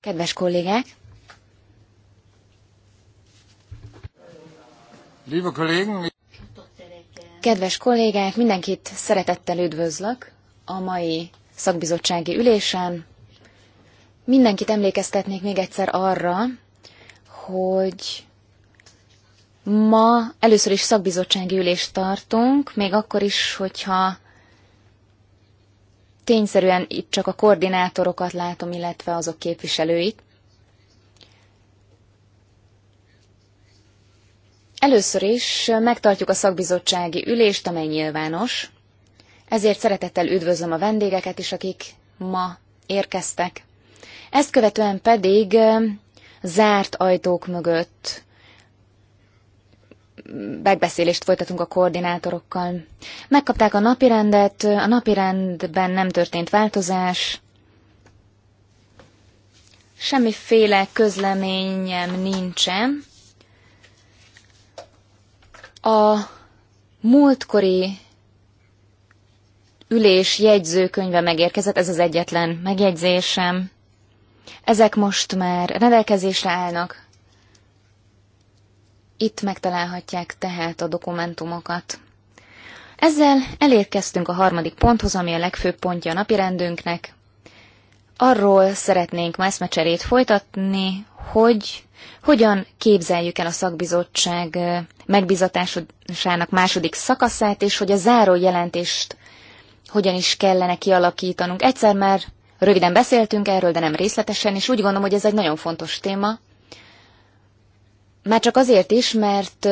Kedves kollégák! Kedves kollégák, mindenkit szeretettel üdvözlök a mai szakbizottsági ülésen. Mindenkit emlékeztetnék még egyszer arra, hogy ma először is szakbizottsági ülést tartunk, még akkor is, hogyha tényszerűen itt csak a koordinátorokat látom, illetve azok képviselőit. Először is megtartjuk a szakbizottsági ülést, amely nyilvános. Ezért szeretettel üdvözlöm a vendégeket is, akik ma érkeztek. Ezt követően pedig zárt ajtók mögött megbeszélést folytatunk a koordinátorokkal. Megkapták a napirendet, a napirendben nem történt változás, semmiféle közleményem nincsen. A múltkori ülés jegyzőkönyve megérkezett, ez az egyetlen megjegyzésem. Ezek most már rendelkezésre állnak, itt megtalálhatják tehát a dokumentumokat. Ezzel elérkeztünk a harmadik ponthoz, ami a legfőbb pontja a napirendünknek. Arról szeretnénk ma eszmecserét folytatni, hogy hogyan képzeljük el a szakbizottság megbizatásának második szakaszát, és hogy a záró jelentést hogyan is kellene kialakítanunk. Egyszer már röviden beszéltünk erről, de nem részletesen, és úgy gondolom, hogy ez egy nagyon fontos téma, már csak azért is, mert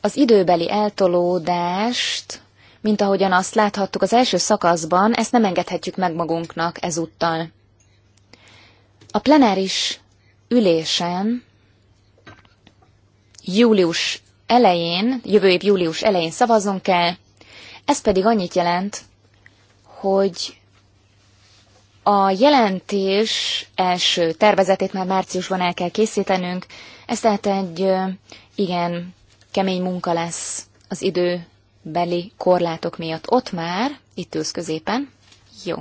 az időbeli eltolódást, mint ahogyan azt láthattuk az első szakaszban, ezt nem engedhetjük meg magunknak ezúttal. A plenáris ülésen július elején, jövő év július elején szavazunk el. ez pedig annyit jelent, hogy a jelentés első tervezetét már márciusban el kell készítenünk, ez tehát egy igen kemény munka lesz az időbeli korlátok miatt. Ott már, itt ülsz középen. Jó.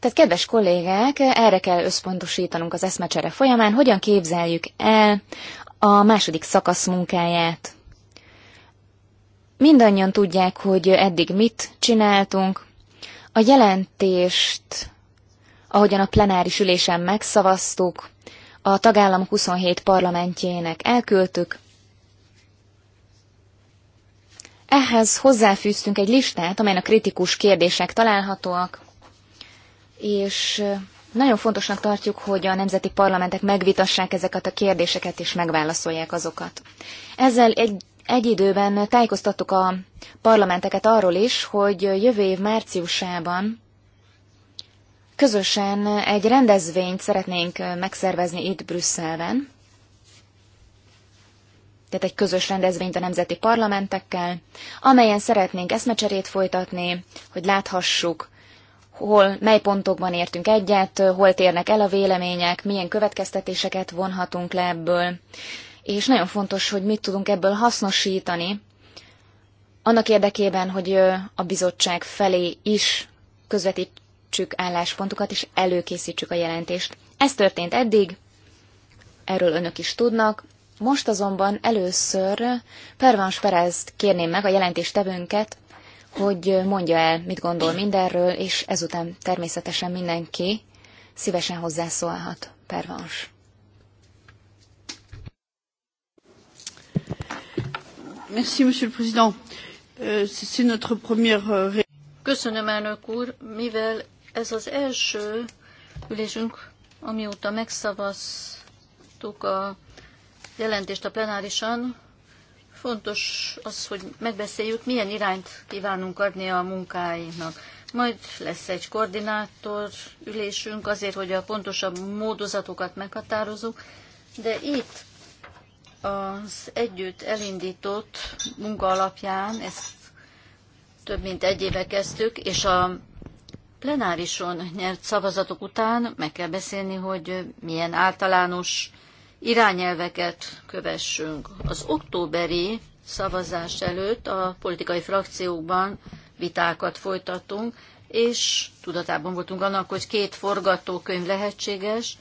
Tehát, kedves kollégák, erre kell összpontosítanunk az eszmecsere folyamán, hogyan képzeljük el a második szakasz munkáját Mindannyian tudják, hogy eddig mit csináltunk. A jelentést, ahogyan a plenáris ülésen megszavaztuk, a tagállam 27 parlamentjének elküldtük. Ehhez hozzáfűztünk egy listát, amelyen a kritikus kérdések találhatóak, és nagyon fontosnak tartjuk, hogy a nemzeti parlamentek megvitassák ezeket a kérdéseket és megválaszolják azokat. Ezzel egy egy időben tájékoztattuk a parlamenteket arról is, hogy jövő év márciusában közösen egy rendezvényt szeretnénk megszervezni itt Brüsszelben. Tehát egy közös rendezvényt a nemzeti parlamentekkel, amelyen szeretnénk eszmecserét folytatni, hogy láthassuk, hol, mely pontokban értünk egyet, hol térnek el a vélemények, milyen következtetéseket vonhatunk le ebből és nagyon fontos, hogy mit tudunk ebből hasznosítani, annak érdekében, hogy a bizottság felé is közvetítsük álláspontokat, és előkészítsük a jelentést. Ez történt eddig, erről önök is tudnak. Most azonban először Pervans Perezt kérném meg, a jelentéstevőnket, hogy mondja el, mit gondol mindenről, és ezután természetesen mindenki szívesen hozzászólhat. Pervans. Merci, Monsieur le Président. Euh, c'est notre première... Euh, Köszönöm, elnök úr, mivel ez az első ülésünk, amióta megszavaztuk a jelentést a plenárisan, fontos az, hogy megbeszéljük, milyen irányt kívánunk adni a munkáinknak. Majd lesz egy koordinátor ülésünk azért, hogy a pontosabb módozatokat meghatározunk, de itt az együtt elindított munka alapján, ezt több mint egy éve kezdtük, és a plenárison nyert szavazatok után meg kell beszélni, hogy milyen általános irányelveket kövessünk. Az októberi szavazás előtt a politikai frakciókban vitákat folytattunk, és tudatában voltunk annak, hogy két forgatókönyv lehetséges –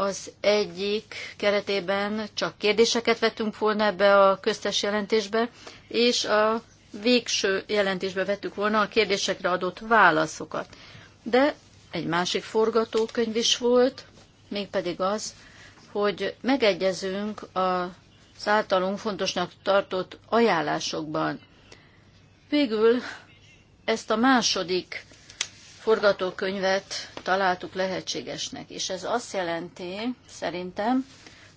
az egyik keretében csak kérdéseket vettünk volna ebbe a köztes jelentésbe, és a végső jelentésbe vettük volna a kérdésekre adott válaszokat. De egy másik forgatókönyv is volt, mégpedig az, hogy megegyezünk az általunk fontosnak tartott ajánlásokban. Végül ezt a második forgatókönyvet találtuk lehetségesnek, és ez azt jelenti szerintem,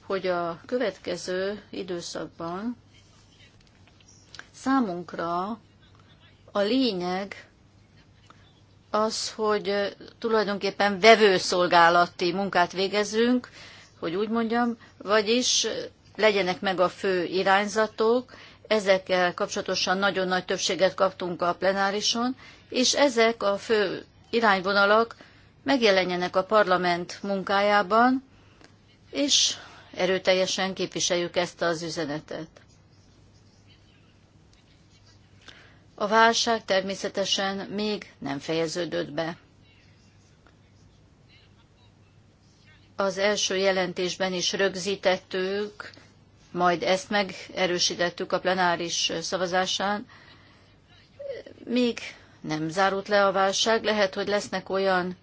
hogy a következő időszakban számunkra a lényeg az, hogy tulajdonképpen vevőszolgálati munkát végezzünk, hogy úgy mondjam, vagyis legyenek meg a fő irányzatok, ezekkel kapcsolatosan nagyon nagy többséget kaptunk a plenárison, és ezek a fő irányvonalak megjelenjenek a parlament munkájában, és erőteljesen képviseljük ezt az üzenetet. A válság természetesen még nem fejeződött be. Az első jelentésben is rögzítettük, majd ezt megerősítettük a plenáris szavazásán, még nem zárult le a válság. Lehet, hogy lesznek olyan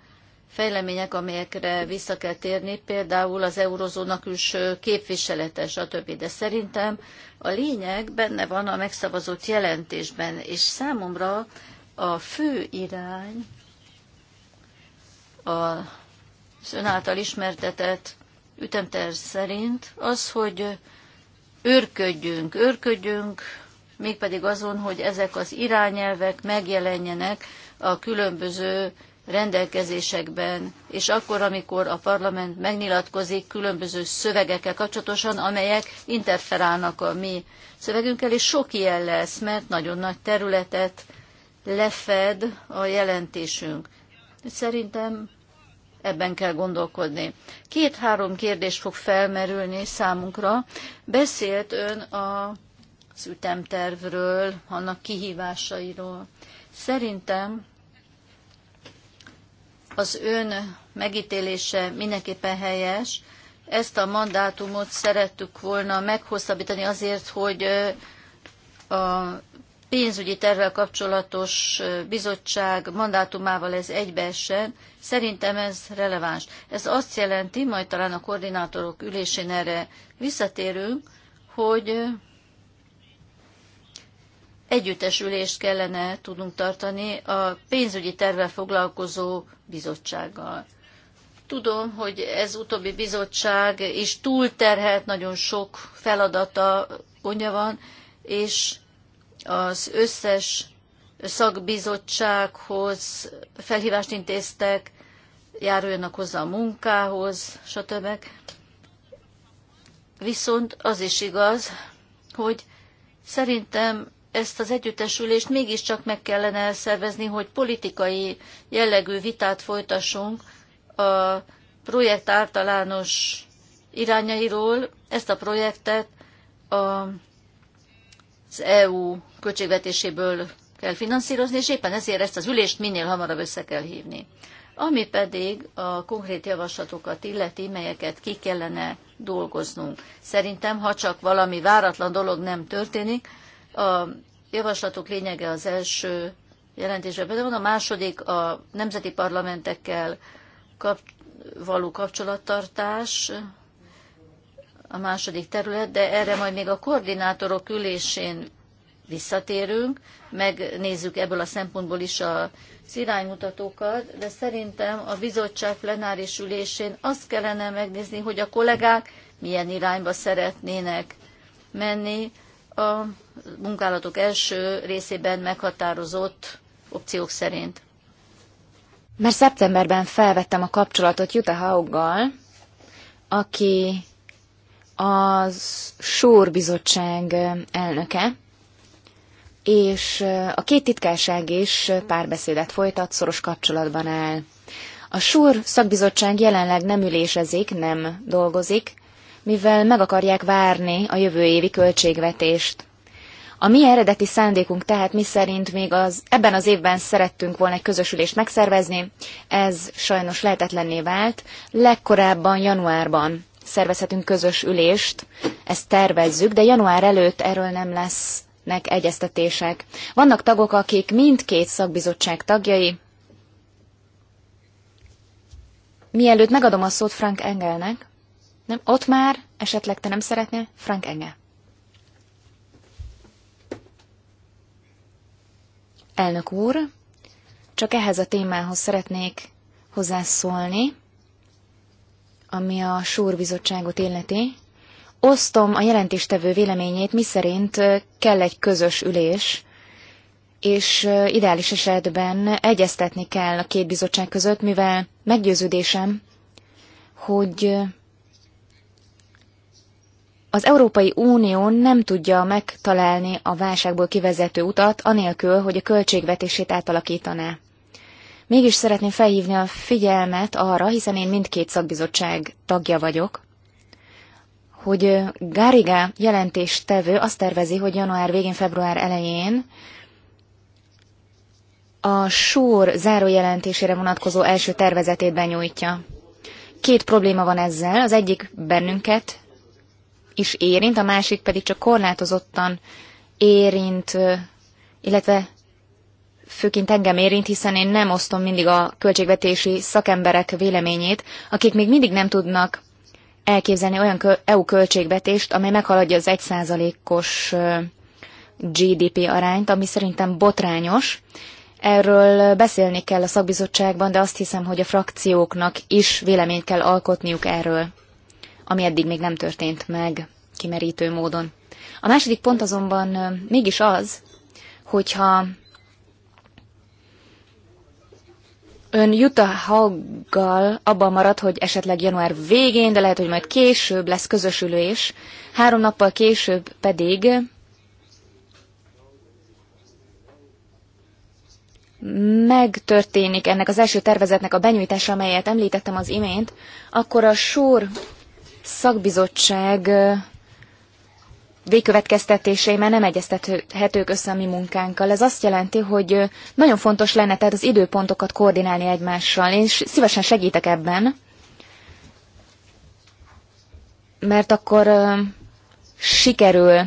fejlemények, amelyekre vissza kell térni, például az eurozóna külső képviselete, stb. De szerintem a lényeg benne van a megszavazott jelentésben, és számomra a fő irány az ön által ismertetett ütemterv szerint az, hogy őrködjünk, őrködjünk mégpedig azon, hogy ezek az irányelvek megjelenjenek a különböző rendelkezésekben, és akkor, amikor a parlament megnyilatkozik különböző szövegekkel kapcsolatosan, amelyek interferálnak a mi szövegünkkel, és sok ilyen lesz, mert nagyon nagy területet lefed a jelentésünk. Szerintem ebben kell gondolkodni. Két-három kérdés fog felmerülni számunkra. Beszélt ön a az ütemtervről, annak kihívásairól. Szerintem az ön megítélése mindenképpen helyes. Ezt a mandátumot szerettük volna meghosszabbítani azért, hogy a pénzügyi tervvel kapcsolatos bizottság mandátumával ez egybeessen, szerintem ez releváns. Ez azt jelenti, majd talán a koordinátorok ülésén erre visszatérünk, hogy együttesülést kellene tudnunk tartani a pénzügyi tervvel foglalkozó bizottsággal. Tudom, hogy ez utóbbi bizottság is túlterhelt, nagyon sok feladata, gondja van, és az összes szakbizottsághoz felhívást intéztek, járuljanak hozzá a munkához, stb. Viszont az is igaz, hogy szerintem ezt az együttesülést mégiscsak meg kellene szervezni, hogy politikai jellegű vitát folytassunk a projekt általános irányairól. Ezt a projektet az EU költségvetéséből kell finanszírozni, és éppen ezért ezt az ülést minél hamarabb össze kell hívni. Ami pedig a konkrét javaslatokat illeti, melyeket ki kellene dolgoznunk. Szerintem, ha csak valami váratlan dolog nem történik, a javaslatok lényege az első jelentésben benne van, a második a nemzeti parlamentekkel kap, való kapcsolattartás, a második terület, de erre majd még a koordinátorok ülésén visszatérünk, megnézzük ebből a szempontból is a iránymutatókat, de szerintem a bizottság plenáris ülésén azt kellene megnézni, hogy a kollégák milyen irányba szeretnének menni, a munkálatok első részében meghatározott opciók szerint. Mert szeptemberben felvettem a kapcsolatot Jutta Hauggal, aki az Sór Bizottság elnöke, és a két titkárság is párbeszédet folytat, szoros kapcsolatban áll. A SUR szakbizottság jelenleg nem ülésezik, nem dolgozik, mivel meg akarják várni a jövő évi költségvetést. A mi eredeti szándékunk tehát mi szerint még az, ebben az évben szerettünk volna egy közösülést megszervezni, ez sajnos lehetetlenné vált. Legkorábban januárban szervezhetünk közös ülést, ezt tervezzük, de január előtt erről nem lesznek egyeztetések. Vannak tagok, akik mindkét szakbizottság tagjai. Mielőtt megadom a szót Frank Engelnek, nem, ott már esetleg te nem szeretnél? Frank Enge. Elnök úr, csak ehhez a témához szeretnék hozzászólni, ami a súrbizottságot illeti. Osztom a jelentéstevő véleményét, miszerint kell egy közös ülés, és ideális esetben egyeztetni kell a két bizottság között, mivel meggyőződésem, hogy az Európai Unió nem tudja megtalálni a válságból kivezető utat, anélkül, hogy a költségvetését átalakítaná. Mégis szeretném felhívni a figyelmet arra, hiszen én mindkét szakbizottság tagja vagyok, hogy Gariga jelentéstevő azt tervezi, hogy január végén, február elején a súr zárójelentésére vonatkozó első tervezetét benyújtja. Két probléma van ezzel, az egyik bennünket, is érint, a másik pedig csak korlátozottan érint, illetve főként engem érint, hiszen én nem osztom mindig a költségvetési szakemberek véleményét, akik még mindig nem tudnak elképzelni olyan EU költségvetést, amely meghaladja az 1%-os GDP arányt, ami szerintem botrányos. Erről beszélni kell a szakbizottságban, de azt hiszem, hogy a frakcióknak is véleményt kell alkotniuk erről ami eddig még nem történt meg kimerítő módon. A második pont azonban mégis az, hogyha Ön Jutta Haggal abban marad, hogy esetleg január végén, de lehet, hogy majd később lesz közösülés. Három nappal később pedig megtörténik ennek az első tervezetnek a benyújtása, amelyet említettem az imént, akkor a sor szakbizottság végkövetkeztetései már nem egyeztethetők össze a mi munkánkkal. Ez azt jelenti, hogy nagyon fontos lenne tehát az időpontokat koordinálni egymással. Én szívesen segítek ebben, mert akkor sikerül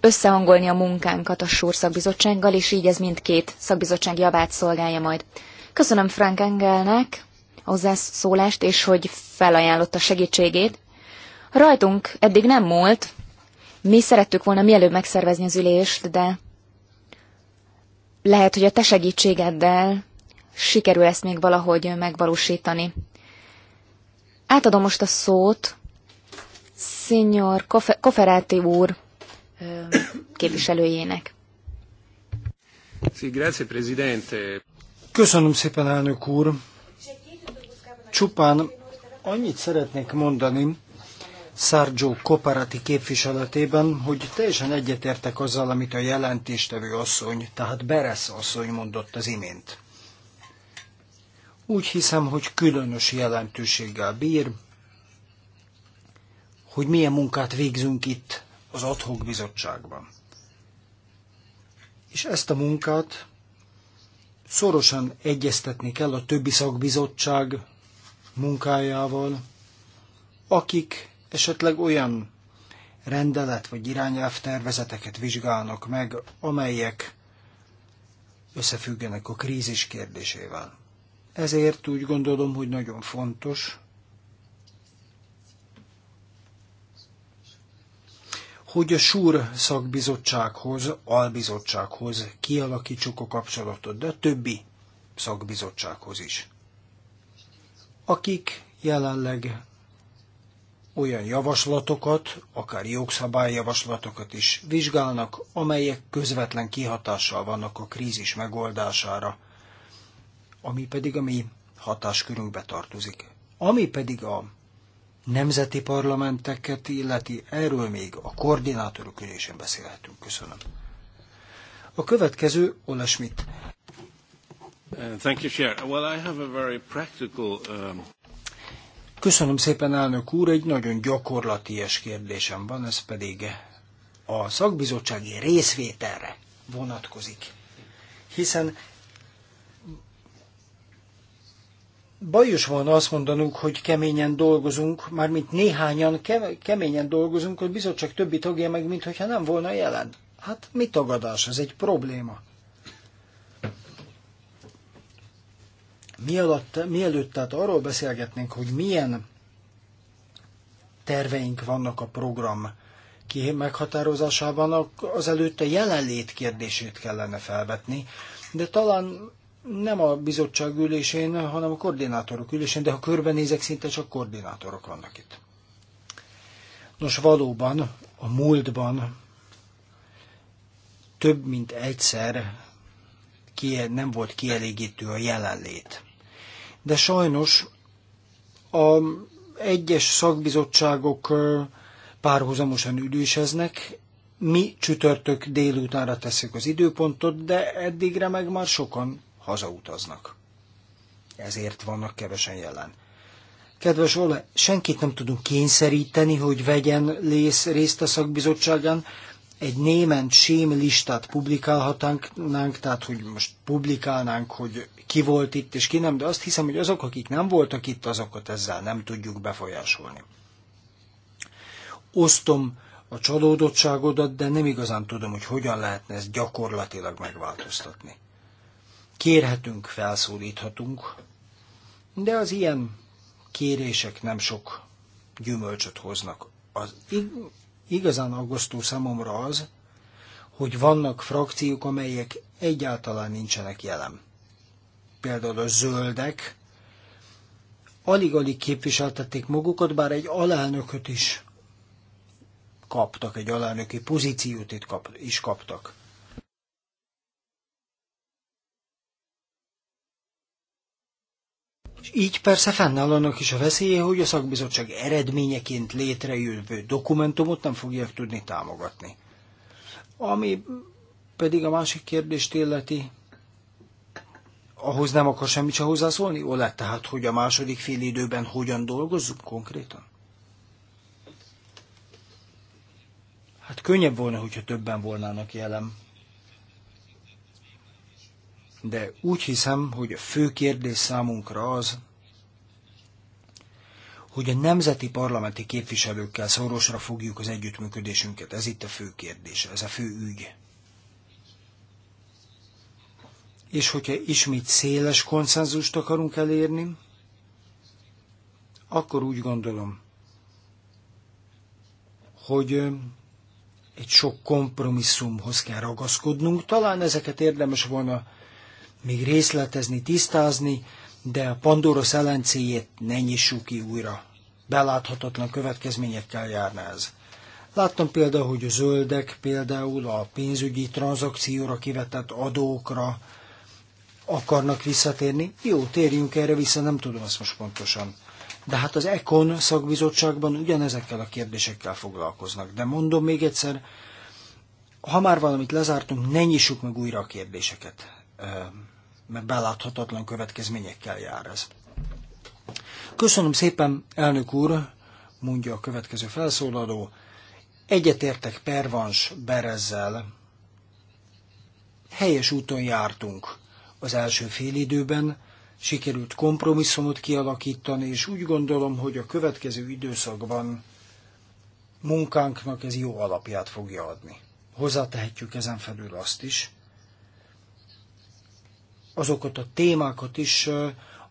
összehangolni a munkánkat a SUR szakbizottsággal, és így ez mindkét szakbizottság javát szolgálja majd. Köszönöm Frank Engelnek a hozzászólást, és hogy felajánlotta segítségét. Rajtunk eddig nem múlt. Mi szerettük volna mielőbb megszervezni az ülést, de lehet, hogy a te segítségeddel sikerül ezt még valahogy megvalósítani. Átadom most a szót Signor Koferáti úr képviselőjének. Köszönöm szépen, elnök úr. Csupán annyit szeretnék mondani, Szárgyó Koparati képviseletében, hogy teljesen egyetértek azzal, amit a jelentéstevő asszony, tehát Beresz asszony mondott az imént. Úgy hiszem, hogy különös jelentőséggel bír, hogy milyen munkát végzünk itt az adhok bizottságban. És ezt a munkát szorosan egyeztetni kell a többi szakbizottság munkájával, akik esetleg olyan rendelet vagy irányelv tervezeteket vizsgálnak meg, amelyek összefüggenek a krízis kérdésével. Ezért úgy gondolom, hogy nagyon fontos, hogy a SUR szakbizottsághoz, albizottsághoz kialakítsuk a kapcsolatot, de a többi szakbizottsághoz is, akik jelenleg olyan javaslatokat, akár jogszabályjavaslatokat is vizsgálnak, amelyek közvetlen kihatással vannak a krízis megoldására, ami pedig a mi hatáskörünkbe tartozik. Ami pedig a nemzeti parlamenteket illeti, erről még a koordinátorok ülésen beszélhetünk. Köszönöm. A következő Ola Schmidt. Uh, thank you, Chair. Well, I have a very practical um, Köszönöm szépen, elnök úr, egy nagyon gyakorlatias kérdésem van, ez pedig a szakbizottsági részvételre vonatkozik. Hiszen bajos volna azt mondanunk, hogy keményen dolgozunk, mármint néhányan keményen dolgozunk, hogy bizottság többi tagja meg, mintha nem volna jelen. Hát mi tagadás, ez egy probléma. Mielatt, mielőtt tehát arról beszélgetnénk, hogy milyen terveink vannak a program ki meghatározásában, az előtt a jelenlét kérdését kellene felvetni, de talán nem a bizottság ülésén, hanem a koordinátorok ülésén, de ha körbenézek, szinte csak koordinátorok vannak itt. Nos, valóban a múltban több mint egyszer nem volt kielégítő a jelenlét de sajnos a egyes szakbizottságok párhuzamosan üdvéseznek. mi csütörtök délutánra teszük az időpontot, de eddigre meg már sokan hazautaznak. Ezért vannak kevesen jelen. Kedves Ole, senkit nem tudunk kényszeríteni, hogy vegyen lész részt a szakbizottságán, egy német sém listát publikálhatnánk, tehát hogy most publikálnánk, hogy ki volt itt és ki nem, de azt hiszem, hogy azok, akik nem voltak itt, azokat ezzel nem tudjuk befolyásolni. Osztom a csalódottságodat, de nem igazán tudom, hogy hogyan lehetne ezt gyakorlatilag megváltoztatni. Kérhetünk, felszólíthatunk, de az ilyen kérések nem sok gyümölcsöt hoznak. Az Igazán aggasztó számomra az, hogy vannak frakciók, amelyek egyáltalán nincsenek jelen. Például a zöldek alig-alig képviseltették magukat, bár egy alelnököt is kaptak, egy alelnöki pozíciót is kaptak. És így persze fennáll annak is a veszélye, hogy a szakbizottság eredményeként létrejövő dokumentumot nem fogják tudni támogatni. Ami pedig a másik kérdést illeti, ahhoz nem akar semmit se hozzászólni, Olá, tehát, hogy a második fél időben hogyan dolgozzuk konkrétan? Hát könnyebb volna, hogyha többen volnának jelen de úgy hiszem, hogy a fő kérdés számunkra az, hogy a nemzeti parlamenti képviselőkkel szorosra fogjuk az együttműködésünket. Ez itt a fő kérdés, ez a fő ügy. És hogyha ismét széles konszenzust akarunk elérni, akkor úgy gondolom, hogy egy sok kompromisszumhoz kell ragaszkodnunk. Talán ezeket érdemes volna még részletezni, tisztázni, de a Pandora szelencéjét ne nyissuk ki újra. Beláthatatlan következményekkel járna ez. Láttam például, hogy a zöldek például a pénzügyi tranzakcióra kivetett adókra akarnak visszatérni. Jó, térjünk erre vissza, nem tudom ezt most pontosan. De hát az ECON szakbizottságban ugyanezekkel a kérdésekkel foglalkoznak. De mondom még egyszer, ha már valamit lezártunk, ne nyissuk meg újra a kérdéseket mert beláthatatlan következményekkel jár ez. Köszönöm szépen, elnök úr, mondja a következő felszólaló. Egyetértek Pervans Berezzel. Helyes úton jártunk az első fél időben, sikerült kompromisszumot kialakítani, és úgy gondolom, hogy a következő időszakban munkánknak ez jó alapját fogja adni. Hozzátehetjük ezen felül azt is, azokat a témákat is,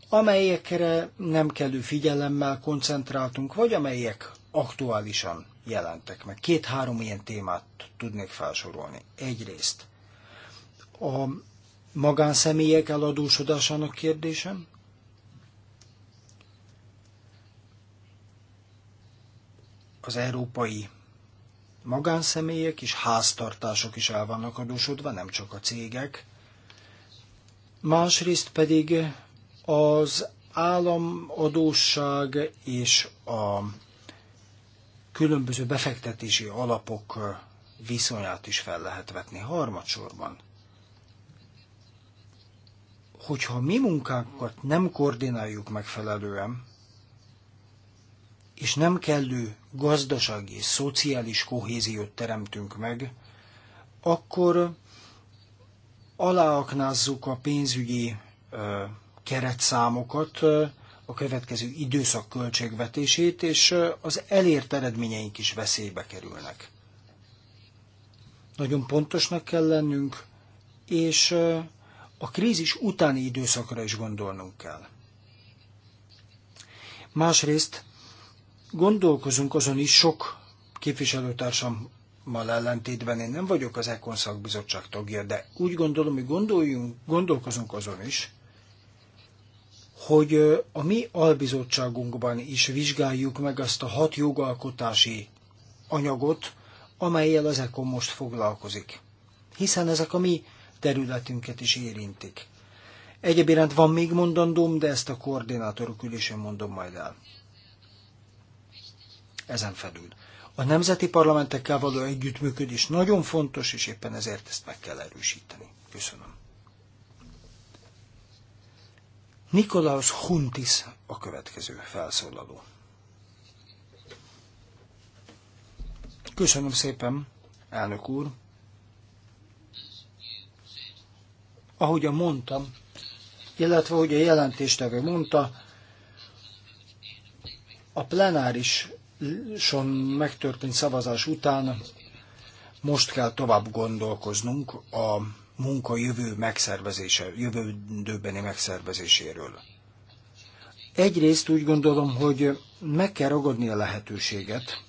amelyekre nem kellő figyelemmel koncentráltunk, vagy amelyek aktuálisan jelentek meg. Két-három ilyen témát tudnék felsorolni. Egyrészt a magánszemélyek eladósodásának kérdése. az európai magánszemélyek és háztartások is el vannak adósodva, nem csak a cégek másrészt pedig az államadóság és a különböző befektetési alapok viszonyát is fel lehet vetni. Harmadsorban, hogyha mi munkánkat nem koordináljuk megfelelően, és nem kellő gazdasági és szociális kohéziót teremtünk meg, akkor aláaknázzuk a pénzügyi keretszámokat, a következő időszak költségvetését, és az elért eredményeink is veszélybe kerülnek. Nagyon pontosnak kell lennünk, és a krízis utáni időszakra is gondolnunk kell. Másrészt gondolkozunk azon is, sok képviselőtársam mal ellentétben én nem vagyok az Ekon szakbizottság tagja, de úgy gondolom, hogy gondoljunk, gondolkozunk azon is, hogy a mi albizottságunkban is vizsgáljuk meg azt a hat jogalkotási anyagot, amelyel az Ekon most foglalkozik. Hiszen ezek a mi területünket is érintik. Egyébként van még mondandóm, de ezt a koordinátorok ülésén mondom majd el. Ezen felül. A nemzeti parlamentekkel való együttműködés nagyon fontos, és éppen ezért ezt meg kell erősíteni. Köszönöm. Nikolaus Huntis a következő felszólaló. Köszönöm szépen, elnök úr. Ahogyan mondtam, illetve ahogy a jelentéstevő mondta, a plenáris son megtörtént szavazás után most kell tovább gondolkoznunk a munka jövő megszervezése, jövő időbeni megszervezéséről. Egyrészt úgy gondolom, hogy meg kell ragadni a lehetőséget,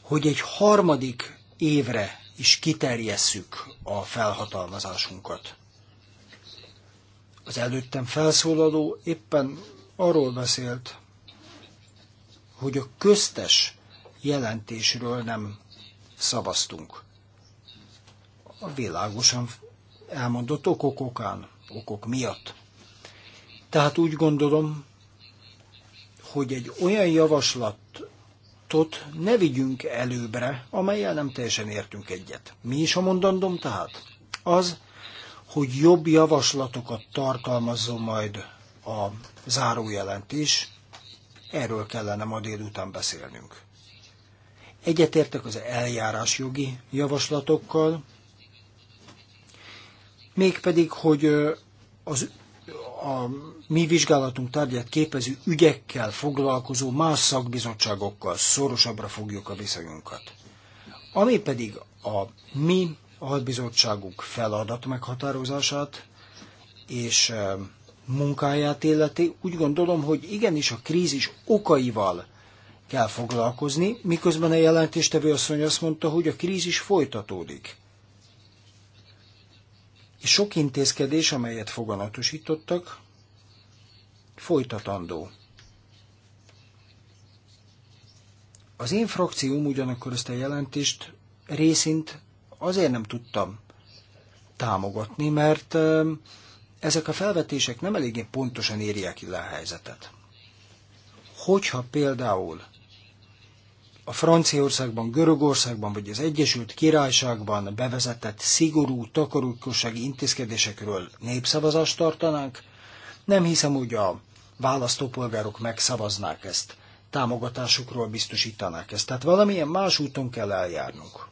hogy egy harmadik évre is kiterjesszük a felhatalmazásunkat. Az előttem felszólaló éppen arról beszélt, hogy a köztes jelentésről nem szavaztunk. A világosan elmondott okok okán, okok miatt. Tehát úgy gondolom, hogy egy olyan javaslatot ne vigyünk előbbre, amelyel nem teljesen értünk egyet. Mi is a mondandom tehát? Az, hogy jobb javaslatokat tartalmazzon majd a zárójelentés, Erről kellene ma délután beszélnünk. Egyetértek az eljárásjogi javaslatokkal, mégpedig, hogy az, a mi vizsgálatunk tárgyát képező ügyekkel foglalkozó más szakbizottságokkal szorosabbra fogjuk a viszonyunkat. Ami pedig a mi albizottságunk feladat meghatározását és munkáját illeti, úgy gondolom, hogy igenis a krízis okaival kell foglalkozni, miközben a jelentéstevő asszony azt mondta, hogy a krízis folytatódik. És sok intézkedés, amelyet foganatosítottak, folytatandó. Az én frakcióm ugyanakkor ezt a jelentést részint azért nem tudtam támogatni, mert ezek a felvetések nem eléggé pontosan írják le a helyzetet. Hogyha például a Franciaországban, Görögországban vagy az Egyesült Királyságban bevezetett szigorú takarékossági intézkedésekről népszavazást tartanánk, nem hiszem, hogy a választópolgárok megszavaznák ezt, támogatásukról biztosítanák ezt. Tehát valamilyen más úton kell eljárnunk.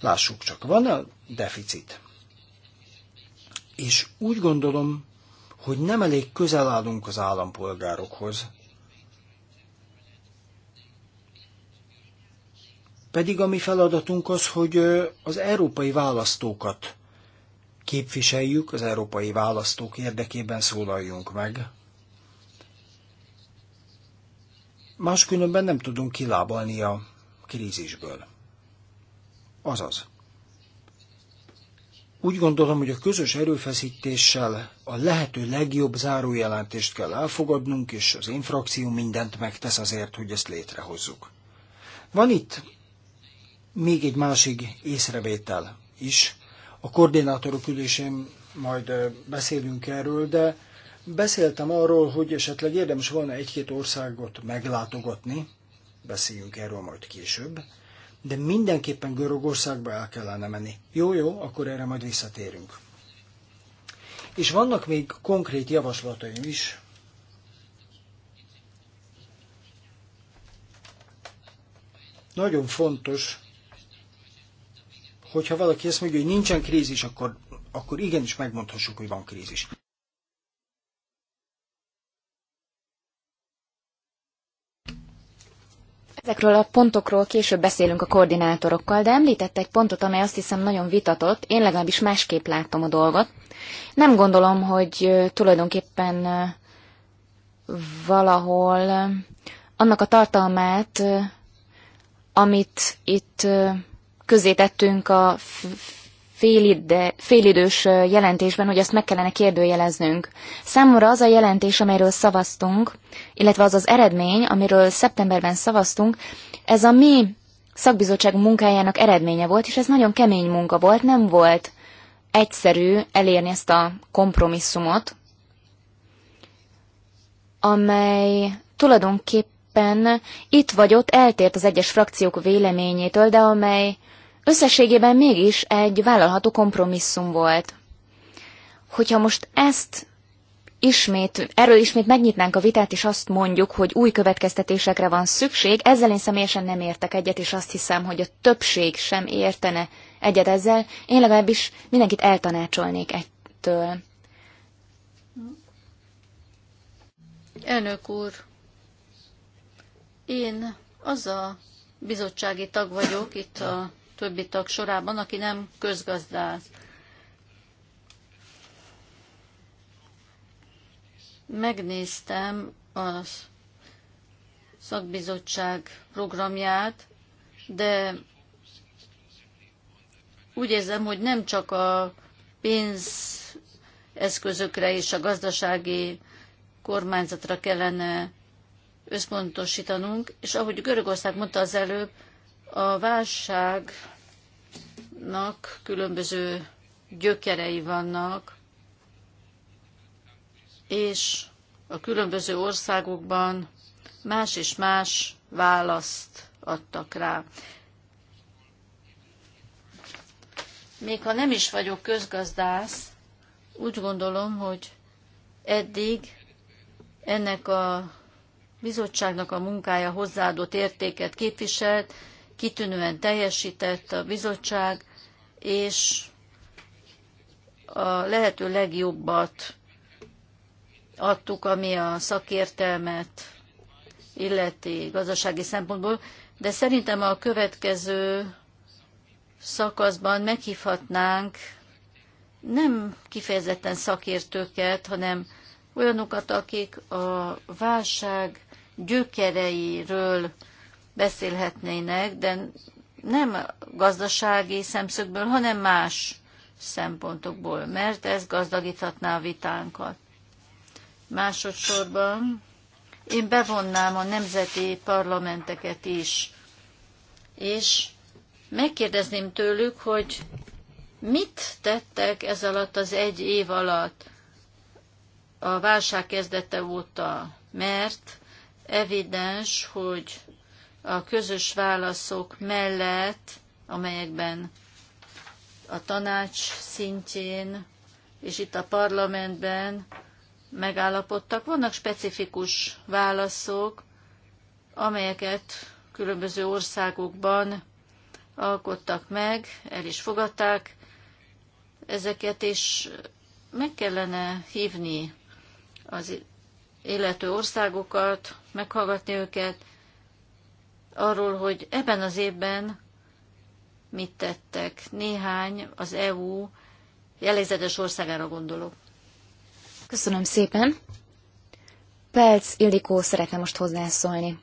Lássuk csak, van-e deficit? és úgy gondolom, hogy nem elég közel állunk az állampolgárokhoz. Pedig a mi feladatunk az, hogy az európai választókat képviseljük, az európai választók érdekében szólaljunk meg. Máskülönben nem tudunk kilábalni a krízisből. Azaz. Úgy gondolom, hogy a közös erőfeszítéssel a lehető legjobb zárójelentést kell elfogadnunk, és az én frakció mindent megtesz azért, hogy ezt létrehozzuk. Van itt még egy másik észrevétel is. A koordinátorok ülésén majd beszélünk erről, de beszéltem arról, hogy esetleg érdemes volna egy-két országot meglátogatni, beszéljünk erről majd később, de mindenképpen Görögországba el kellene menni. Jó, jó, akkor erre majd visszatérünk. És vannak még konkrét javaslataim is. Nagyon fontos, hogyha valaki ezt mondja, hogy nincsen krízis, akkor, akkor igenis megmondhassuk, hogy van krízis. Ezekről a pontokról később beszélünk a koordinátorokkal, de említett egy pontot, amely azt hiszem nagyon vitatott, én legalábbis másképp látom a dolgot. Nem gondolom, hogy tulajdonképpen valahol annak a tartalmát, amit itt közétettünk a félide, félidős jelentésben, hogy azt meg kellene kérdőjeleznünk. Számomra az a jelentés, amelyről szavaztunk, illetve az az eredmény, amiről szeptemberben szavaztunk, ez a mi szakbizottság munkájának eredménye volt, és ez nagyon kemény munka volt, nem volt egyszerű elérni ezt a kompromisszumot, amely tulajdonképpen itt vagy ott eltért az egyes frakciók véleményétől, de amely összességében mégis egy vállalható kompromisszum volt. Hogyha most ezt ismét, erről ismét megnyitnánk a vitát, és azt mondjuk, hogy új következtetésekre van szükség, ezzel én személyesen nem értek egyet, és azt hiszem, hogy a többség sem értene egyet ezzel. Én legalábbis mindenkit eltanácsolnék ettől. Elnök úr, én az a bizottsági tag vagyok itt a többi tag sorában, aki nem közgazdász. Megnéztem a szakbizottság programját, de úgy érzem, hogy nem csak a pénzeszközökre és a gazdasági kormányzatra kellene összpontosítanunk, és ahogy Görögország mondta az előbb, a válságnak különböző gyökerei vannak, és a különböző országokban más és más választ adtak rá. Még ha nem is vagyok közgazdász, úgy gondolom, hogy eddig ennek a bizottságnak a munkája hozzáadott értéket képviselt, kitűnően teljesített a bizottság, és a lehető legjobbat adtuk, ami a szakértelmet illeti gazdasági szempontból, de szerintem a következő szakaszban meghívhatnánk nem kifejezetten szakértőket, hanem olyanokat, akik a válság gyökereiről beszélhetnének, de nem gazdasági szemszögből, hanem más szempontokból, mert ez gazdagíthatná a vitánkat. Másodszorban én bevonnám a nemzeti parlamenteket is, és megkérdezném tőlük, hogy mit tettek ez alatt az egy év alatt a válság kezdete óta, mert evidens, hogy a közös válaszok mellett, amelyekben a tanács szintjén és itt a parlamentben megállapodtak. Vannak specifikus válaszok, amelyeket különböző országokban alkottak meg, el is fogadták ezeket, és meg kellene hívni az illető országokat, meghallgatni őket, arról, hogy ebben az évben mit tettek. Néhány az EU jellegzetes országára gondolok. Köszönöm szépen. Pelc Ildikó szeretne most hozzászólni.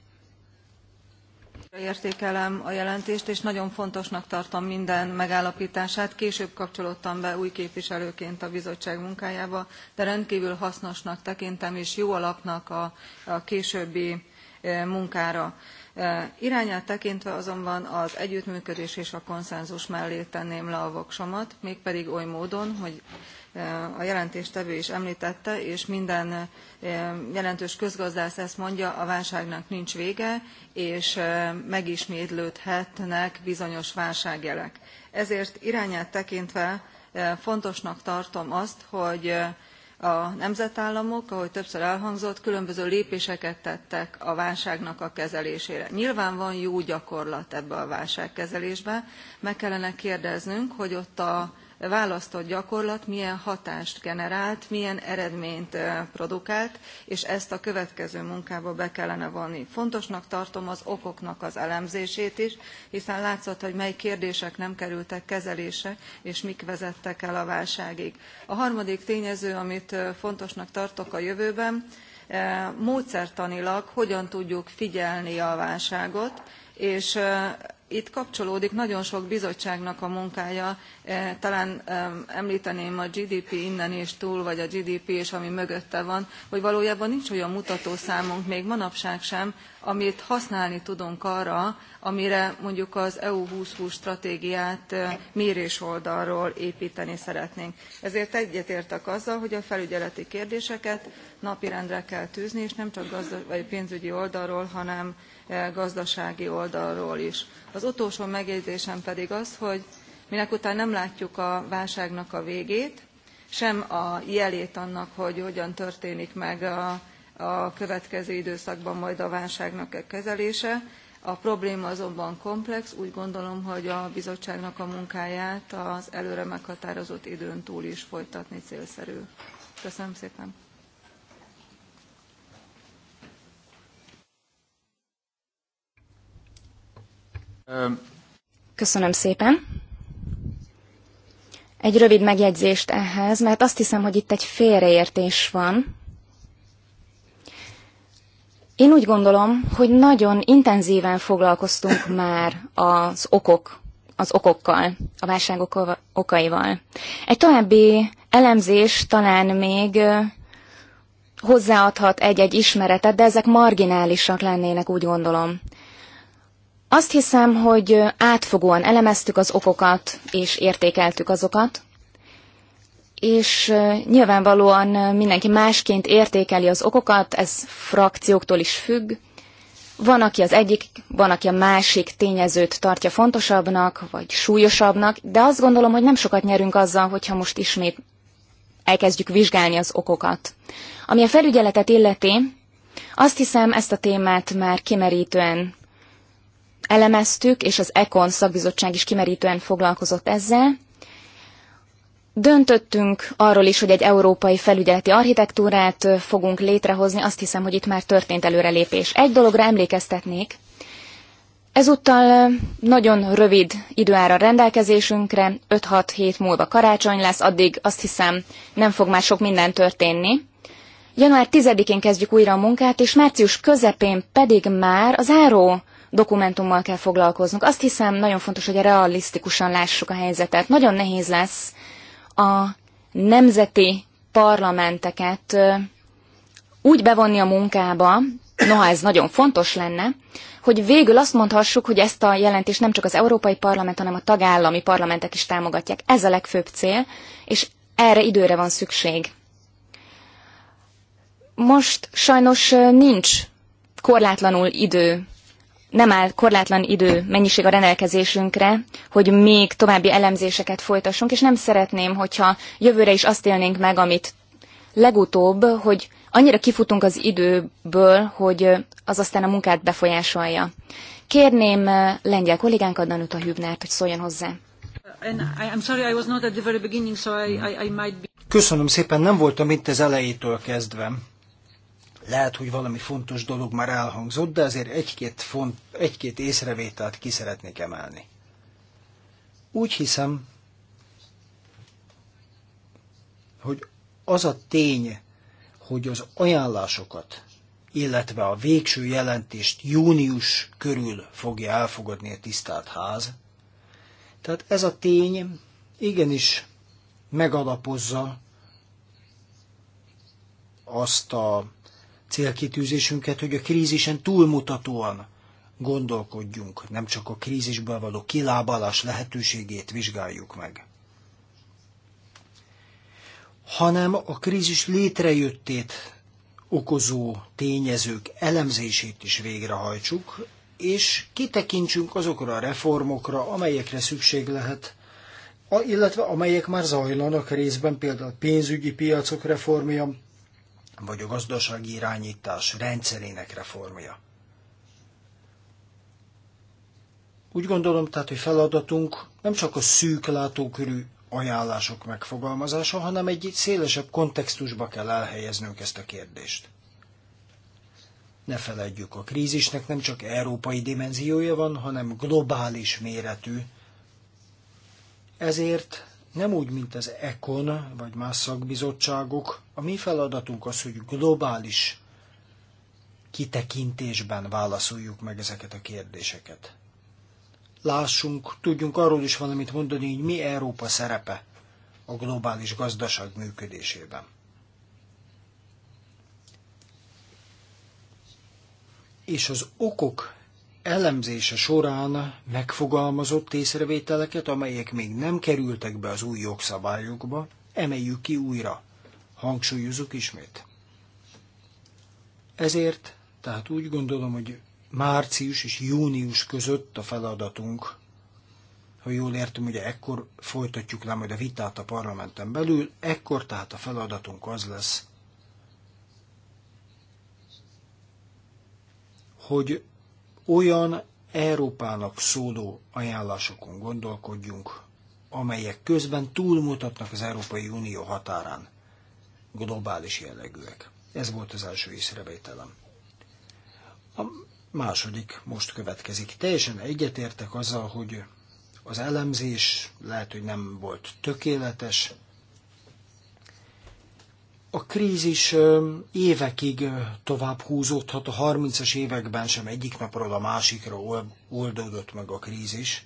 Értékelem a jelentést, és nagyon fontosnak tartom minden megállapítását. Később kapcsolódtam be új képviselőként a bizottság munkájába, de rendkívül hasznosnak tekintem és jó alapnak a, a későbbi eh, munkára irányát tekintve azonban az együttműködés és a konszenzus mellé tenném le a voksomat mégpedig oly módon hogy a jelentéstevő is emltette és minden jelentős közgazdász ezt mondja a válságnak nincs vége és megismétlődhetnek bizonyos válságjelek. ezért irányát tekintve fontosnak tartom azt hogy a nemzetállamok ahogy többször elhangzott különböző lépéseket tettek a válságnak a kezelésére. nyilván van jó gyakorlat ebbe a válságkezelésbe meg kellene kérdeznünk hogy ott a választott gyakorlat milyen hatást generált milyen eredményt produkált és ezt a következő munkába be kellene vonni. fontosnak tartom az okoknak az elemzését is hiszen látszott hogy mely kérdések nem kerültek kezelésre és mik vezettek el a válságig. a harmadik tényező amit fontosnak tartok a jövőben módszertanilag hogyan tudjuk figyelni a válságot és itt kapcsolódik nagyon sok bizottságnak a munkája e, talán e, emlteném a gdp innen és túl vagy a gdp és ami mögötte van hogy valójában nincs olyan mutatószámunk még manapság sem amit használni tudunk arra amire mondjuk az eu two thousand and twenty stratégiát e, mérésoldalról épteni szeretnénk. ezért egyetértek azzal hogy a felügyeleti kérdéseket napirendre kell tűzni és nem csak gazda, vagy pénzügyi oldalról hanem gazdasági oldalról is. az utolsó megjegyzésem pedig az hogy minekután nem látjuk a válságnak a végét sem a jelét annak hogy hogyan történik meg a, a következő időszakban majd a válságnak a kezelése a probléma azonban komplex úgy gondolom hogy a bizottságnak a munkáját az előre meghatározott időn túl is folytatni célszerű. köszönöm szépen! Köszönöm szépen. Egy rövid megjegyzést ehhez, mert azt hiszem, hogy itt egy félreértés van. Én úgy gondolom, hogy nagyon intenzíven foglalkoztunk már az okok, az okokkal, a válságok okaival. Egy további elemzés talán még hozzáadhat egy-egy ismeretet, de ezek marginálisak lennének, úgy gondolom. Azt hiszem, hogy átfogóan elemeztük az okokat, és értékeltük azokat, és nyilvánvalóan mindenki másként értékeli az okokat, ez frakcióktól is függ. Van, aki az egyik, van, aki a másik tényezőt tartja fontosabbnak, vagy súlyosabbnak, de azt gondolom, hogy nem sokat nyerünk azzal, hogyha most ismét elkezdjük vizsgálni az okokat. Ami a felügyeletet illeti, azt hiszem, ezt a témát már kimerítően elemeztük, és az ECON szakbizottság is kimerítően foglalkozott ezzel. Döntöttünk arról is, hogy egy európai felügyeleti architektúrát fogunk létrehozni, azt hiszem, hogy itt már történt előrelépés. Egy dologra emlékeztetnék, Ezúttal nagyon rövid idő áll a rendelkezésünkre, 5-6 hét múlva karácsony lesz, addig azt hiszem nem fog már sok minden történni. Január 10-én kezdjük újra a munkát, és március közepén pedig már az áró dokumentummal kell foglalkoznunk. Azt hiszem, nagyon fontos, hogy realisztikusan lássuk a helyzetet. Nagyon nehéz lesz a nemzeti parlamenteket úgy bevonni a munkába, noha ez nagyon fontos lenne, hogy végül azt mondhassuk, hogy ezt a jelentést nem csak az Európai Parlament, hanem a tagállami parlamentek is támogatják. Ez a legfőbb cél, és erre időre van szükség. Most sajnos nincs korlátlanul idő nem áll korlátlan idő mennyiség a rendelkezésünkre, hogy még további elemzéseket folytassunk, és nem szeretném, hogyha jövőre is azt élnénk meg, amit legutóbb, hogy annyira kifutunk az időből, hogy az aztán a munkát befolyásolja. Kérném eh, lengyel kollégánkat, Danuta Hübnert, hogy szóljon hozzá. Köszönöm szépen, nem voltam itt az elejétől kezdve. Lehet, hogy valami fontos dolog már elhangzott, de azért egy-két, font, egy-két észrevételt ki szeretnék emelni. Úgy hiszem, hogy az a tény, hogy az ajánlásokat, illetve a végső jelentést június körül fogja elfogadni a tisztelt ház. Tehát ez a tény igenis megalapozza azt a célkitűzésünket, hogy a krízisen túlmutatóan gondolkodjunk, nem csak a krízisből való kilábalás lehetőségét vizsgáljuk meg, hanem a krízis létrejöttét okozó tényezők elemzését is végrehajtsuk, és kitekintsünk azokra a reformokra, amelyekre szükség lehet, illetve amelyek már zajlanak részben, például pénzügyi piacok reformja, vagy a gazdasági irányítás rendszerének reformja. Úgy gondolom tehát, hogy feladatunk nem csak a szűk látókörű ajánlások megfogalmazása, hanem egy szélesebb kontextusba kell elhelyeznünk ezt a kérdést. Ne feledjük, a krízisnek nem csak európai dimenziója van, hanem globális méretű. Ezért nem úgy, mint az ECON vagy más szakbizottságok, a mi feladatunk az, hogy globális kitekintésben válaszoljuk meg ezeket a kérdéseket. Lássunk, tudjunk arról is valamit mondani, hogy mi Európa szerepe a globális gazdaság működésében. És az okok elemzése során megfogalmazott észrevételeket, amelyek még nem kerültek be az új jogszabályokba, emeljük ki újra, hangsúlyozunk ismét. Ezért, tehát úgy gondolom, hogy március és június között a feladatunk, ha jól értem, ugye ekkor folytatjuk le majd a vitát a parlamenten belül, ekkor tehát a feladatunk az lesz, hogy olyan Európának szóló ajánlásokon gondolkodjunk, amelyek közben túlmutatnak az Európai Unió határán. Globális jellegűek. Ez volt az első észrevételem. A második most következik. Teljesen egyetértek azzal, hogy az elemzés lehet, hogy nem volt tökéletes, a krízis évekig tovább húzódhat, a 30-as években sem egyik napról a másikra oldódott meg a krízis.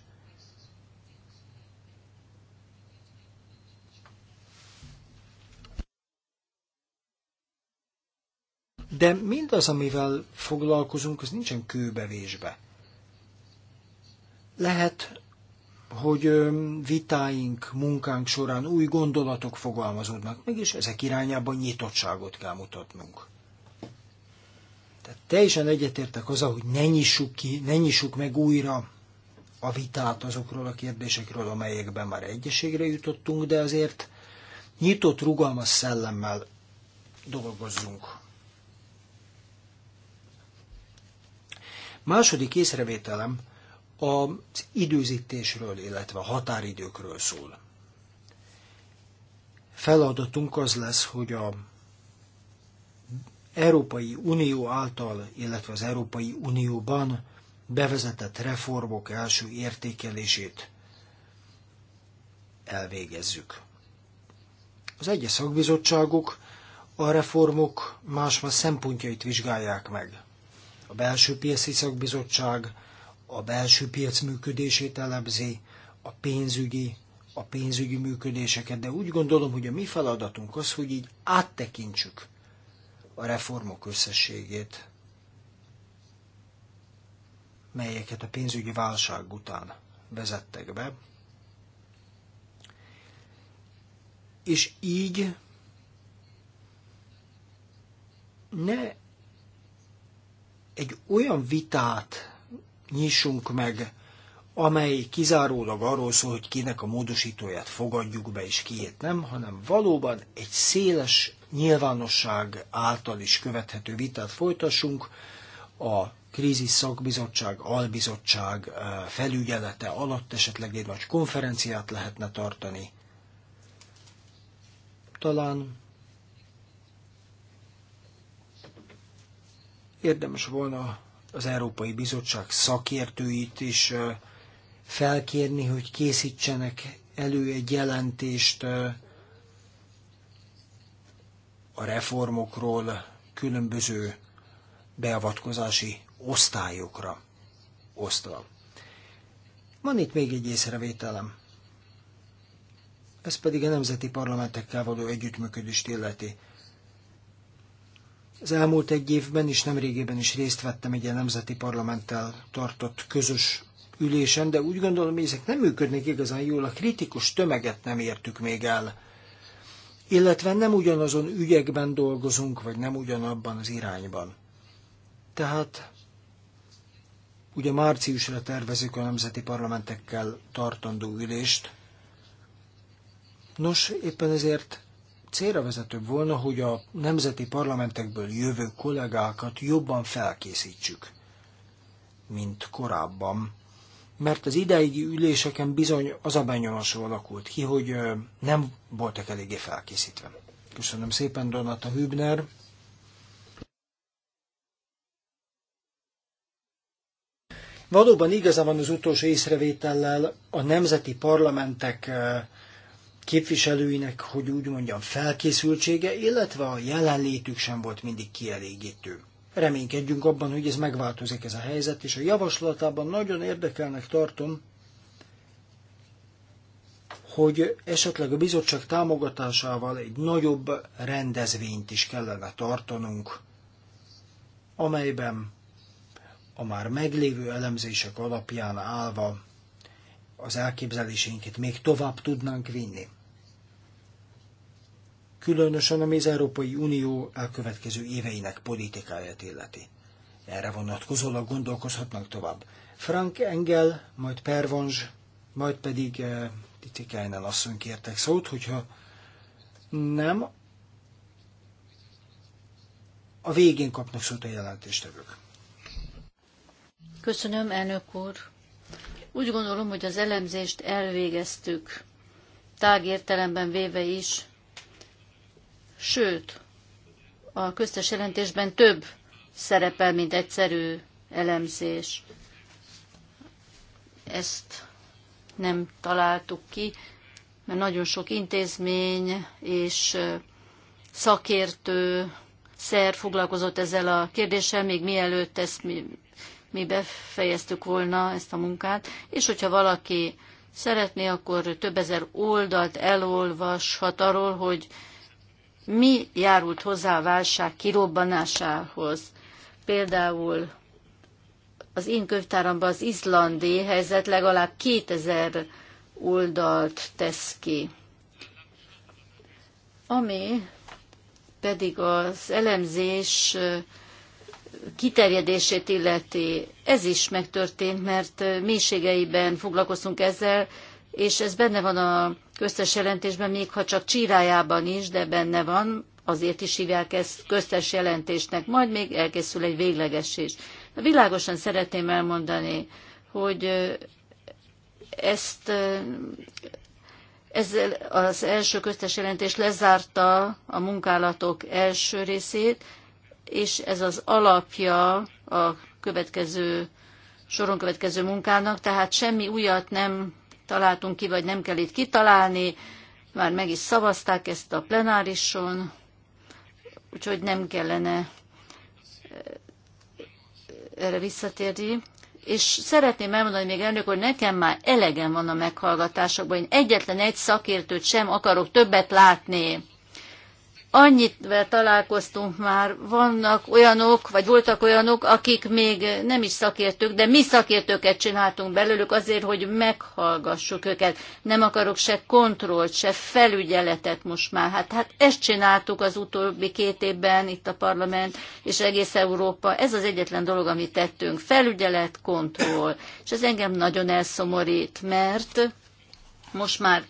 De mindaz, amivel foglalkozunk, az nincsen kőbevésbe. Lehet, hogy vitáink, munkánk során új gondolatok fogalmazódnak meg, és ezek irányában nyitottságot kell mutatnunk. Tehát teljesen egyetértek az, hogy ne nyissuk ki, ne nyissuk meg újra a vitát azokról a kérdésekről, amelyekben már egyeségre jutottunk, de azért nyitott, rugalmas szellemmel dolgozzunk. Második észrevételem, az időzítésről, illetve a határidőkről szól. Feladatunk az lesz, hogy a Európai Unió által, illetve az Európai Unióban bevezetett reformok első értékelését elvégezzük. Az egyes szakbizottságok a reformok más-más szempontjait vizsgálják meg. A belső PSZ szakbizottság a belső piac működését elemzi, a pénzügyi, a pénzügyi működéseket, de úgy gondolom, hogy a mi feladatunk az, hogy így áttekintsük a reformok összességét, melyeket a pénzügyi válság után vezettek be, és így ne egy olyan vitát nyissunk meg, amely kizárólag arról szól, hogy kinek a módosítóját fogadjuk be, és kiét nem, hanem valóban egy széles nyilvánosság által is követhető vitát folytassunk a krízis szakbizottság, albizottság eh, felügyelete alatt esetleg egy nagy konferenciát lehetne tartani. Talán érdemes volna az Európai Bizottság szakértőit is felkérni, hogy készítsenek elő egy jelentést a reformokról különböző beavatkozási osztályokra osztva. Van itt még egy észrevételem. Ez pedig a nemzeti parlamentekkel való együttműködést illeti. Az elmúlt egy évben és régében is részt vettem egy ilyen nemzeti parlamenttel tartott közös ülésen, de úgy gondolom, hogy ezek nem működnek igazán jól, a kritikus tömeget nem értük még el. Illetve nem ugyanazon ügyekben dolgozunk, vagy nem ugyanabban az irányban. Tehát ugye márciusra tervezik a nemzeti parlamentekkel tartandó ülést. Nos, éppen ezért célra vezetőbb volna, hogy a nemzeti parlamentekből jövő kollégákat jobban felkészítsük, mint korábban. Mert az ideigi üléseken bizony az a benyomás alakult ki, hogy nem voltak eléggé felkészítve. Köszönöm szépen, Donata Hübner. Valóban igaza van az utolsó észrevétellel, a nemzeti parlamentek képviselőinek, hogy úgy mondjam, felkészültsége, illetve a jelenlétük sem volt mindig kielégítő. Reménykedjünk abban, hogy ez megváltozik ez a helyzet, és a javaslatában nagyon érdekelnek tartom, hogy esetleg a bizottság támogatásával egy nagyobb rendezvényt is kellene tartanunk, amelyben a már meglévő elemzések alapján állva az elképzeléseinket még tovább tudnánk vinni. Különösen ami az Európai Unió elkövetkező éveinek politikáját illeti. Erre vonatkozólag gondolkozhatnak tovább. Frank Engel, majd Pervonzs, majd pedig eh, Titikájnál asszony kértek szót, hogyha nem, a végén kapnak szót a jelentéstevők. Köszönöm, elnök úr. Úgy gondolom, hogy az elemzést elvégeztük, tág értelemben véve is, sőt, a köztes jelentésben több szerepel, mint egyszerű elemzés. Ezt nem találtuk ki, mert nagyon sok intézmény és szakértő szer foglalkozott ezzel a kérdéssel, még mielőtt ezt mi mi befejeztük volna ezt a munkát, és hogyha valaki szeretné, akkor több ezer oldalt elolvashat arról, hogy mi járult hozzá a válság kirobbanásához. Például az én könyvtáramban az izlandi helyzet legalább 2000 oldalt tesz ki. Ami pedig az elemzés kiterjedését illeti, ez is megtörtént, mert mélységeiben foglalkoztunk ezzel, és ez benne van a köztes jelentésben, még ha csak csírájában is, de benne van, azért is hívják ezt köztes jelentésnek, majd még elkészül egy végleges is. De világosan szeretném elmondani, hogy ezt ezzel az első köztes jelentés lezárta a munkálatok első részét, és ez az alapja a következő soron következő munkának, tehát semmi újat nem találtunk ki, vagy nem kell itt kitalálni, már meg is szavazták ezt a plenárison, úgyhogy nem kellene eh, erre visszatérni. És szeretném elmondani még elnök, hogy nekem már elegem van a meghallgatásokban. Én egyetlen egy szakértőt sem akarok többet látni. Annyit találkoztunk már, vannak olyanok, vagy voltak olyanok, akik még nem is szakértők, de mi szakértőket csináltunk belőlük azért, hogy meghallgassuk őket. Nem akarok se kontrollt, se felügyeletet most már. Hát, hát ezt csináltuk az utóbbi két évben itt a parlament és egész Európa. Ez az egyetlen dolog, amit tettünk. Felügyelet, kontroll. És ez engem nagyon elszomorít, mert most már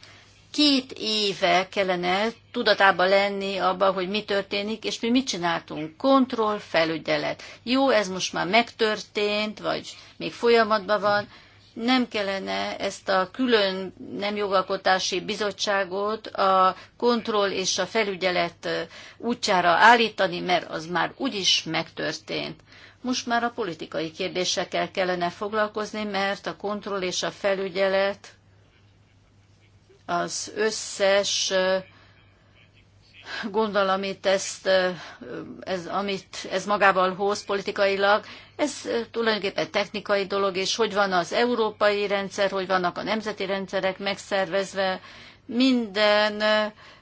két éve kellene tudatában lenni abban, hogy mi történik, és mi mit csináltunk. Kontroll, felügyelet. Jó, ez most már megtörtént, vagy még folyamatban van. Nem kellene ezt a külön nem jogalkotási bizottságot a kontroll és a felügyelet útjára állítani, mert az már úgyis megtörtént. Most már a politikai kérdésekkel kellene foglalkozni, mert a kontroll és a felügyelet az összes gondol, amit, ezt, ez, amit ez magával hoz politikailag, ez tulajdonképpen technikai dolog, és hogy van az európai rendszer, hogy vannak a nemzeti rendszerek megszervezve, minden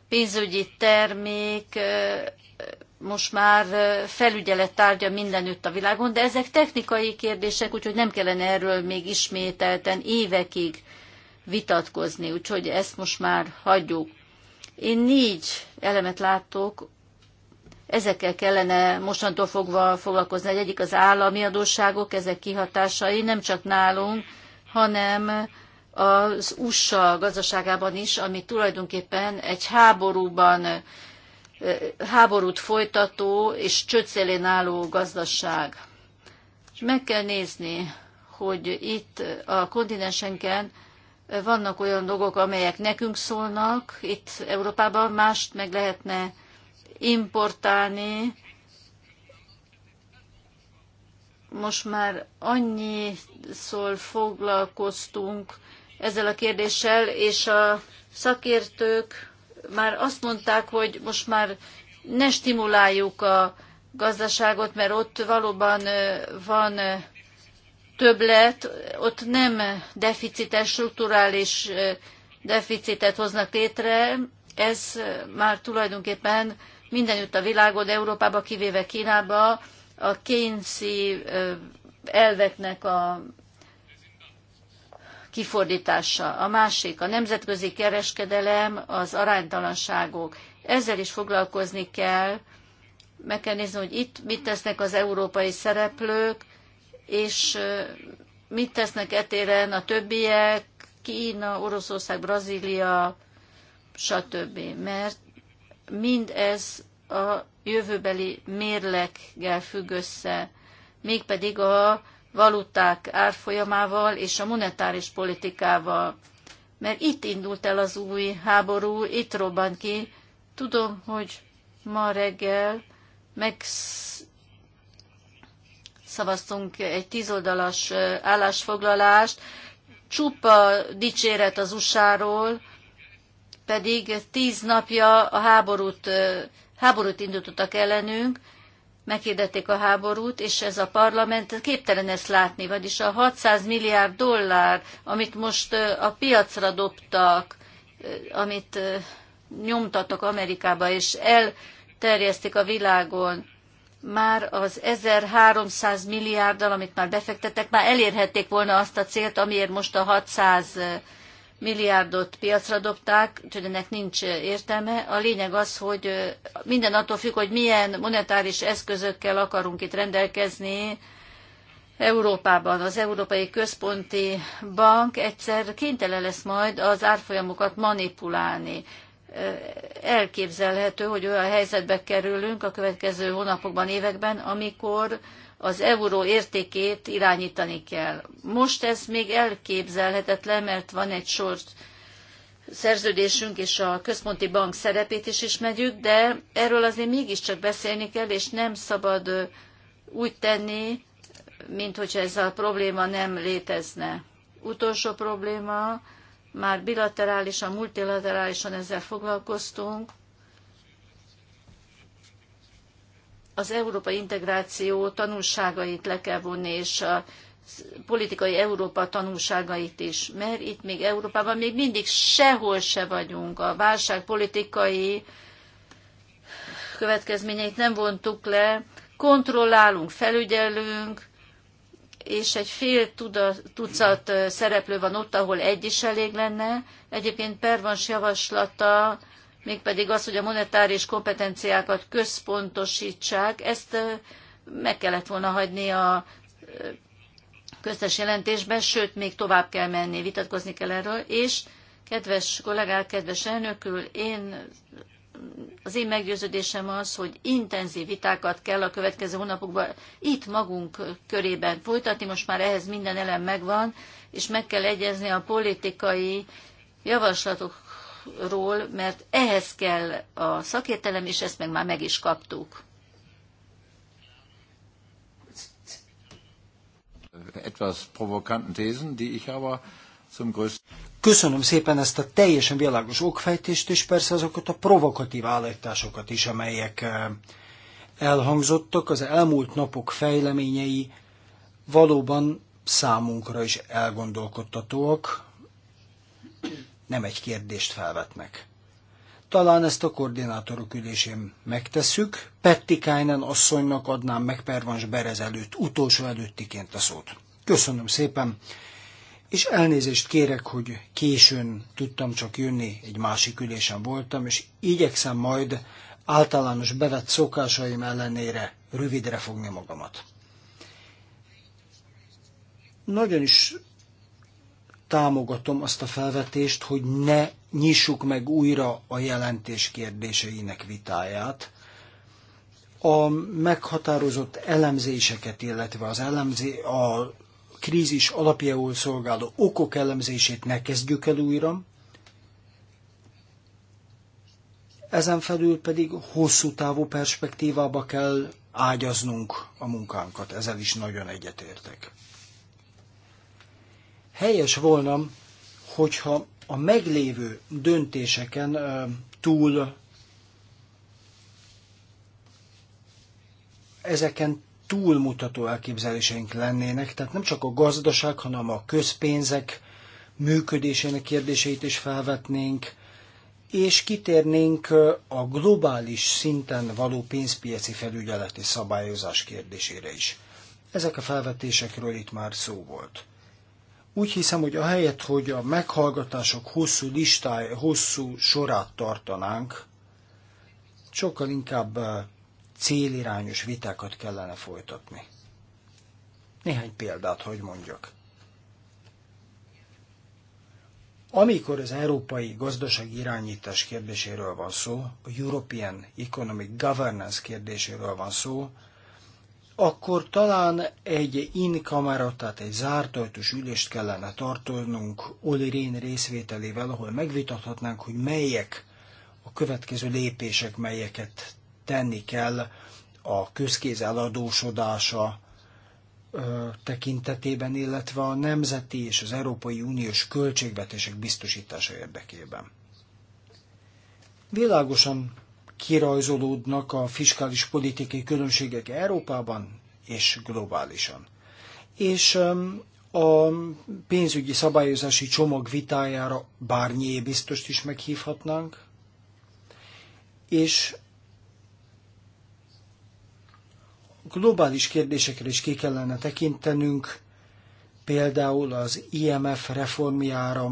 pénzügyi termék most már felügyelet tárgya mindenütt a világon, de ezek technikai kérdések, úgyhogy nem kellene erről még ismételten évekig vitatkozni, úgyhogy ezt most már hagyjuk. Én négy elemet látok, ezekkel kellene mostantól fogva foglalkozni. Egy egyik az állami adósságok, ezek kihatásai nem csak nálunk, hanem az USA gazdaságában is, ami tulajdonképpen egy háborúban háborút folytató és csöcélén álló gazdaság. Meg kell nézni, hogy itt a kontinensenken vannak olyan dolgok, amelyek nekünk szólnak itt Európában, mást meg lehetne importálni. Most már annyi szól foglalkoztunk ezzel a kérdéssel, és a szakértők már azt mondták, hogy most már ne stimuláljuk a gazdaságot, mert ott valóban van többlet, ott nem deficites, strukturális deficitet hoznak létre, ez már tulajdonképpen mindenütt a világon, Európába, kivéve Kínába, a kényszi elveknek a kifordítása. A másik, a nemzetközi kereskedelem, az aránytalanságok. Ezzel is foglalkozni kell, meg kell nézni, hogy itt mit tesznek az európai szereplők, és mit tesznek etéren a többiek, Kína, Oroszország, Brazília, stb. Mert mindez a jövőbeli mérleggel függ össze, mégpedig a valuták árfolyamával és a monetáris politikával. Mert itt indult el az új háború, itt robbant ki. Tudom, hogy ma reggel meg szavaztunk egy tízoldalas állásfoglalást, csupa dicséret az USA-ról, pedig tíz napja a háborút, háborút indítottak ellenünk, meghirdették a háborút, és ez a parlament képtelen ezt látni, vagyis a 600 milliárd dollár, amit most a piacra dobtak, amit nyomtattak Amerikába, és elterjesztik a világon, már az 1300 milliárddal, amit már befektettek, már elérhették volna azt a célt, amiért most a 600 milliárdot piacra dobták, úgyhogy ennek nincs értelme. A lényeg az, hogy minden attól függ, hogy milyen monetáris eszközökkel akarunk itt rendelkezni, Európában az Európai Központi Bank egyszer kénytelen lesz majd az árfolyamokat manipulálni elképzelhető, hogy olyan helyzetbe kerülünk a következő hónapokban, években, amikor az euró értékét irányítani kell. Most ez még elképzelhetetlen, mert van egy sort szerződésünk és a központi bank szerepét is ismerjük, de erről azért mégiscsak beszélni kell, és nem szabad úgy tenni, mint hogyha ez a probléma nem létezne. Utolsó probléma, már bilaterálisan, multilaterálisan ezzel foglalkoztunk. Az európai integráció tanulságait le kell vonni, és a politikai Európa tanulságait is, mert itt még Európában még mindig sehol se vagyunk. A válság politikai következményeit nem vontuk le, kontrollálunk, felügyelünk, és egy fél tucat szereplő van ott, ahol egy is elég lenne. Egyébként Pervans javaslata mégpedig az, hogy a monetáris kompetenciákat központosítsák, ezt meg kellett volna hagyni a köztes jelentésben, sőt, még tovább kell menni, vitatkozni kell erről, és kedves kollégák, kedves elnökül, én az én meggyőződésem az, hogy intenzív vitákat kell a következő hónapokban itt magunk körében folytatni, most már ehhez minden elem megvan, és meg kell egyezni a politikai javaslatokról, mert ehhez kell a szakértelem, és ezt meg már meg is kaptuk. etwas provokanten Thesen, die ich aber zum größten Köszönöm szépen ezt a teljesen világos okfejtést, és persze azokat a provokatív állításokat is, amelyek eh, elhangzottak. Az elmúlt napok fejleményei valóban számunkra is elgondolkodtatóak, nem egy kérdést felvetnek. Talán ezt a koordinátorok ülésén megtesszük. Petti Kájnen asszonynak adnám meg Pervans Berez előtt, utolsó előttiként a szót. Köszönöm szépen! és elnézést kérek, hogy későn tudtam csak jönni, egy másik ülésen voltam, és igyekszem majd általános bevett szokásaim ellenére rövidre fogni magamat. Nagyon is támogatom azt a felvetést, hogy ne nyissuk meg újra a jelentés kérdéseinek vitáját. A meghatározott elemzéseket, illetve az elemzé, a krízis alapjául szolgáló okok elemzését ne kezdjük el újra, ezen felül pedig hosszú távú perspektívába kell ágyaznunk a munkánkat, ezzel is nagyon egyetértek. Helyes volna, hogyha a meglévő döntéseken túl ezeken túlmutató elképzeléseink lennének, tehát nem csak a gazdaság, hanem a közpénzek működésének kérdéseit is felvetnénk, és kitérnénk a globális szinten való pénzpiaci felügyeleti szabályozás kérdésére is. Ezek a felvetésekről itt már szó volt. Úgy hiszem, hogy ahelyett, hogy a meghallgatások hosszú listáj, hosszú sorát tartanánk, sokkal inkább célirányos vitákat kellene folytatni. Néhány példát, hogy mondjak. Amikor az európai gazdasági irányítás kérdéséről van szó, a European Economic Governance kérdéséről van szó, akkor talán egy in-kamera, tehát egy zárt ajtós ülést kellene tartanunk Oli Rén részvételével, ahol megvitathatnánk, hogy melyek a következő lépések, melyeket tenni kell a közkéz eladósodása tekintetében, illetve a nemzeti és az Európai Uniós költségvetések biztosítása érdekében. Világosan kirajzolódnak a fiskális politikai különbségek Európában és globálisan. És a pénzügyi szabályozási csomag vitájára bárnyié biztost is meghívhatnánk, és globális kérdésekre is ki kellene tekintenünk, például az IMF reformjára,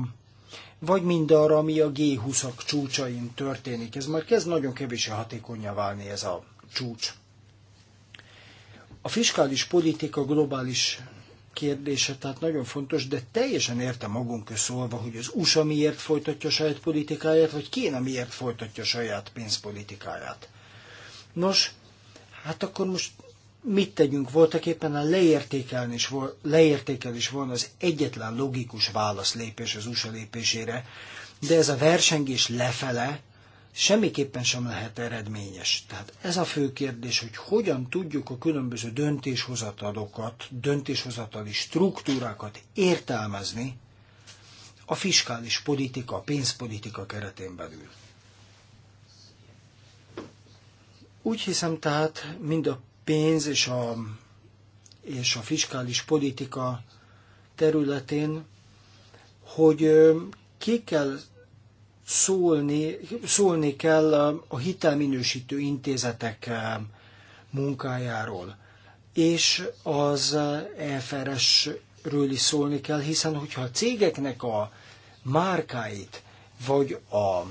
vagy mindarra, ami a G20-ak csúcsain történik. Ez már kezd nagyon kevés hatékonyá válni ez a csúcs. A fiskális politika globális kérdése, tehát nagyon fontos, de teljesen érte magunk közszólva, hogy az USA miért folytatja saját politikáját, vagy Kína miért folytatja saját pénzpolitikáját. Nos, hát akkor most mit tegyünk, voltak éppen a leértékelés, leértékelés volna az egyetlen logikus válaszlépés az USA lépésére, de ez a versengés lefele semmiképpen sem lehet eredményes. Tehát ez a fő kérdés, hogy hogyan tudjuk a különböző döntéshozatalokat, döntéshozatali struktúrákat értelmezni a fiskális politika, a pénzpolitika keretén belül. Úgy hiszem tehát, mind a pénz és a, és a fiskális politika területén, hogy ki kell szólni, szólni kell a hitelminősítő intézetek munkájáról, és az EFRS-ről is szólni kell, hiszen hogyha a cégeknek a márkáit, vagy a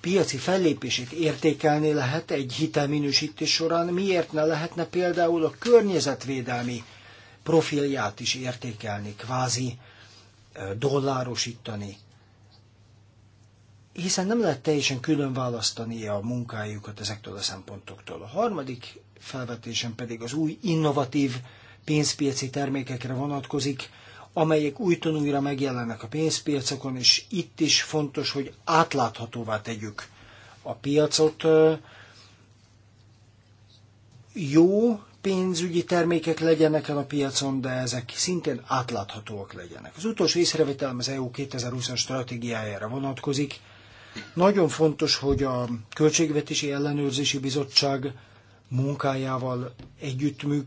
piaci fellépését értékelni lehet egy hitelminősítés során, miért ne lehetne például a környezetvédelmi profilját is értékelni, kvázi dollárosítani, hiszen nem lehet teljesen külön választani a munkájukat ezektől a szempontoktól. A harmadik felvetésem pedig az új innovatív pénzpiaci termékekre vonatkozik, amelyek új tanújra megjelennek a pénzpiacokon, és itt is fontos, hogy átláthatóvá tegyük a piacot. Jó pénzügyi termékek legyenek el a piacon, de ezek szintén átláthatóak legyenek. Az utolsó észrevételem az EU 2020-as stratégiájára vonatkozik. Nagyon fontos, hogy a Költségvetési Ellenőrzési Bizottság munkájával együttműk,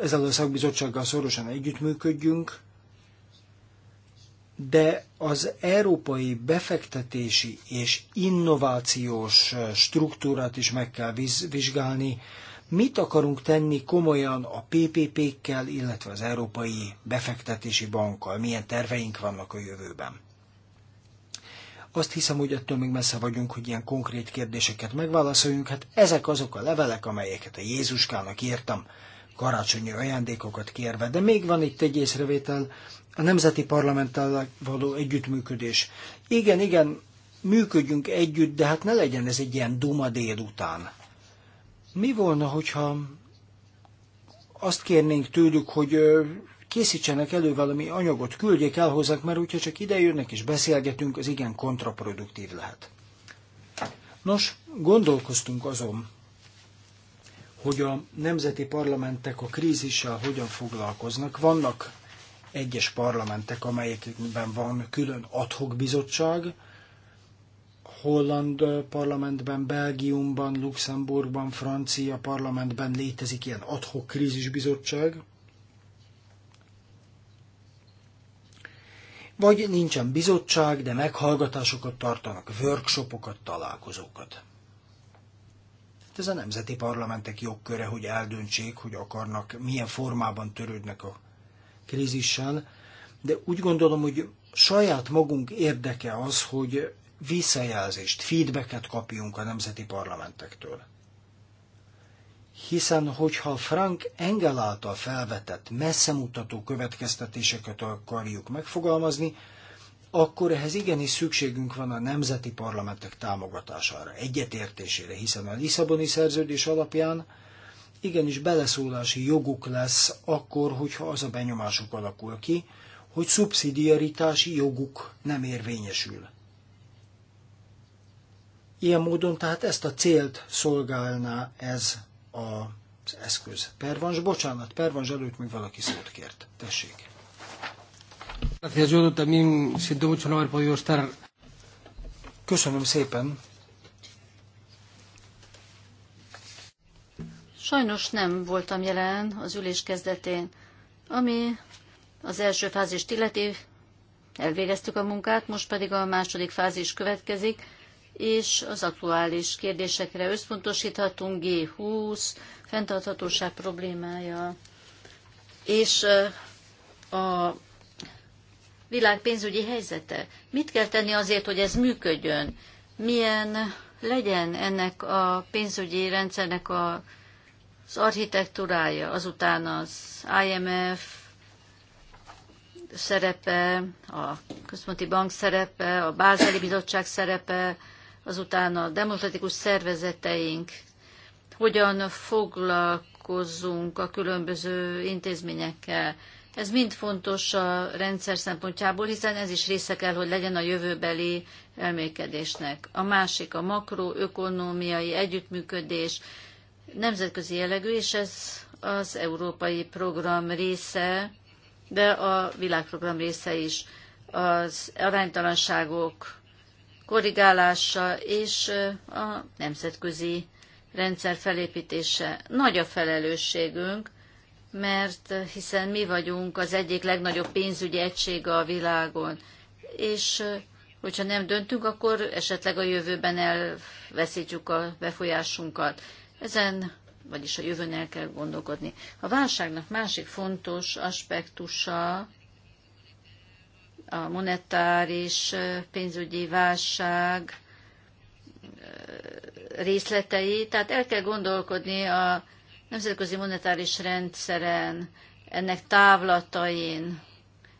ezzel a szakbizottsággal szorosan együttműködjünk, de az európai befektetési és innovációs struktúrát is meg kell vizsgálni, mit akarunk tenni komolyan a PPP-kkel, illetve az Európai Befektetési Bankkal, milyen terveink vannak a jövőben. Azt hiszem, hogy ettől még messze vagyunk, hogy ilyen konkrét kérdéseket megválaszoljunk. Hát ezek azok a levelek, amelyeket a Jézuskának írtam karácsonyi ajándékokat kérve. De még van itt egy észrevétel, a nemzeti parlamenttel való együttműködés. Igen, igen, működjünk együtt, de hát ne legyen ez egy ilyen duma délután. Mi volna, hogyha azt kérnénk tőlük, hogy készítsenek elő valami anyagot, küldjék el hozzánk, mert hogyha csak ide jönnek és beszélgetünk, az igen kontraproduktív lehet. Nos, gondolkoztunk azon, hogy a nemzeti parlamentek a krízissel hogyan foglalkoznak. Vannak egyes parlamentek, amelyekben van külön adhok bizottság, Holland parlamentben, Belgiumban, Luxemburgban, Francia parlamentben létezik ilyen adhok krízisbizottság. vagy nincsen bizottság, de meghallgatásokat tartanak, workshopokat, találkozókat. Hát ez a nemzeti parlamentek jogköre, hogy eldöntsék, hogy akarnak, milyen formában törődnek a krízissel, de úgy gondolom, hogy saját magunk érdeke az, hogy visszajelzést, feedbacket kapjunk a nemzeti parlamentektől hiszen hogyha Frank Engel által felvetett messzemutató következtetéseket akarjuk megfogalmazni, akkor ehhez igenis szükségünk van a nemzeti parlamentek támogatására, egyetértésére, hiszen a Lisszaboni szerződés alapján igenis beleszólási joguk lesz akkor, hogyha az a benyomásuk alakul ki, hogy szubszidiaritási joguk nem érvényesül. Ilyen módon tehát ezt a célt szolgálná ez az eszköz. Pervans, bocsánat, Pervans előtt még valaki szót kért. Tessék. Köszönöm szépen. Sajnos nem voltam jelen az ülés kezdetén, ami az első fázist illeti, elvégeztük a munkát, most pedig a második fázis következik és az aktuális kérdésekre összpontosíthatunk, G20, fenntarthatóság problémája, és a világ pénzügyi helyzete. Mit kell tenni azért, hogy ez működjön? Milyen legyen ennek a pénzügyi rendszernek a, az architektúrája, azután az IMF szerepe, a központi bank szerepe, a Bázeli Bizottság szerepe, azután a demokratikus szervezeteink, hogyan foglalkozunk a különböző intézményekkel. Ez mind fontos a rendszer szempontjából, hiszen ez is része kell, hogy legyen a jövőbeli elmélkedésnek. A másik a makroökonomiai együttműködés, nemzetközi jellegű, és ez az európai program része, de a világprogram része is. Az aránytalanságok korrigálása és a nemzetközi rendszer felépítése. Nagy a felelősségünk, mert hiszen mi vagyunk az egyik legnagyobb pénzügyi egysége a világon, és hogyha nem döntünk, akkor esetleg a jövőben elveszítjük a befolyásunkat. Ezen, vagyis a jövőn el kell gondolkodni. A válságnak másik fontos aspektusa a monetáris pénzügyi válság részletei, tehát el kell gondolkodni a nemzetközi monetáris rendszeren, ennek távlatain,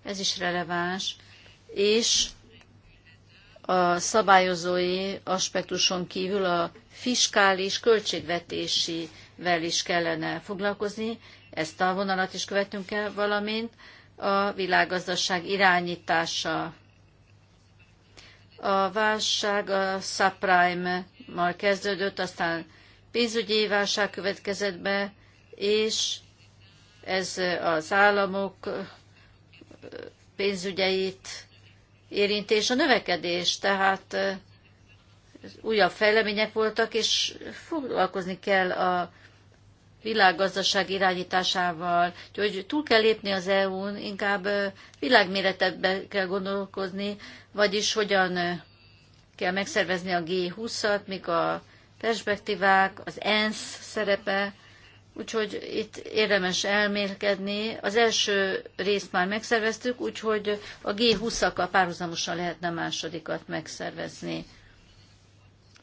ez is releváns, és a szabályozói aspektuson kívül a fiskális költségvetésivel is kellene foglalkozni, ezt a vonalat is követnünk kell, valamint a világgazdaság irányítása. A válság a subprime-mal kezdődött, aztán pénzügyi válság következett be, és ez az államok pénzügyeit érinti, és a növekedés, tehát újabb fejlemények voltak, és foglalkozni kell a világgazdaság irányításával. hogy túl kell lépni az EU-n, inkább világméretebben kell gondolkozni, vagyis hogyan kell megszervezni a G20-at, mik a perspektívák, az ENSZ szerepe, úgyhogy itt érdemes elmélkedni. Az első részt már megszerveztük, úgyhogy a G20-akkal párhuzamosan lehetne a másodikat megszervezni.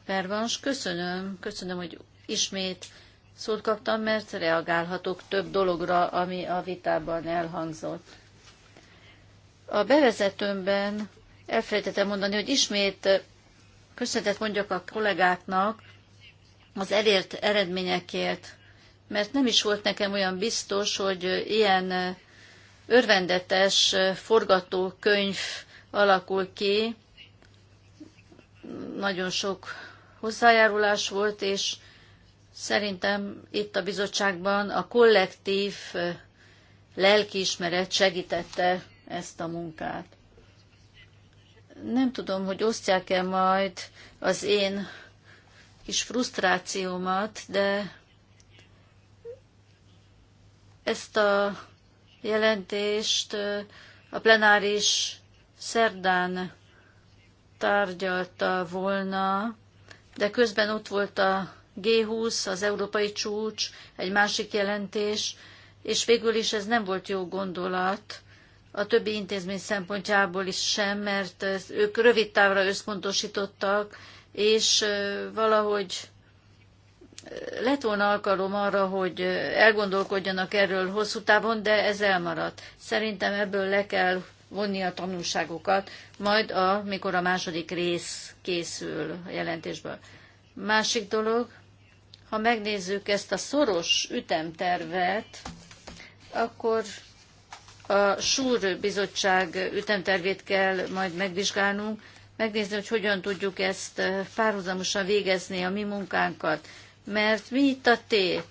Pervans, köszönöm, köszönöm, hogy ismét szót kaptam, mert reagálhatok több dologra, ami a vitában elhangzott. A bevezetőmben elfelejtettem mondani, hogy ismét köszönetet mondjak a kollégáknak az elért eredményekért, mert nem is volt nekem olyan biztos, hogy ilyen örvendetes forgatókönyv alakul ki. Nagyon sok hozzájárulás volt, és Szerintem itt a bizottságban a kollektív lelkiismeret segítette ezt a munkát. Nem tudom, hogy osztják-e majd az én kis frusztrációmat, de ezt a jelentést a plenáris szerdán tárgyalta volna, de közben ott volt a G20, az európai csúcs, egy másik jelentés, és végül is ez nem volt jó gondolat a többi intézmény szempontjából is sem, mert ők rövid távra összpontosítottak, és valahogy lett volna alkalom arra, hogy elgondolkodjanak erről hosszú távon, de ez elmaradt. Szerintem ebből le kell vonni a tanulságokat, majd amikor a második rész készül a jelentésből. Másik dolog, ha megnézzük ezt a szoros ütemtervet, akkor a SUR bizottság ütemtervét kell majd megvizsgálnunk, megnézni, hogy hogyan tudjuk ezt eh, párhuzamosan végezni a mi munkánkat. Mert mi itt a tét?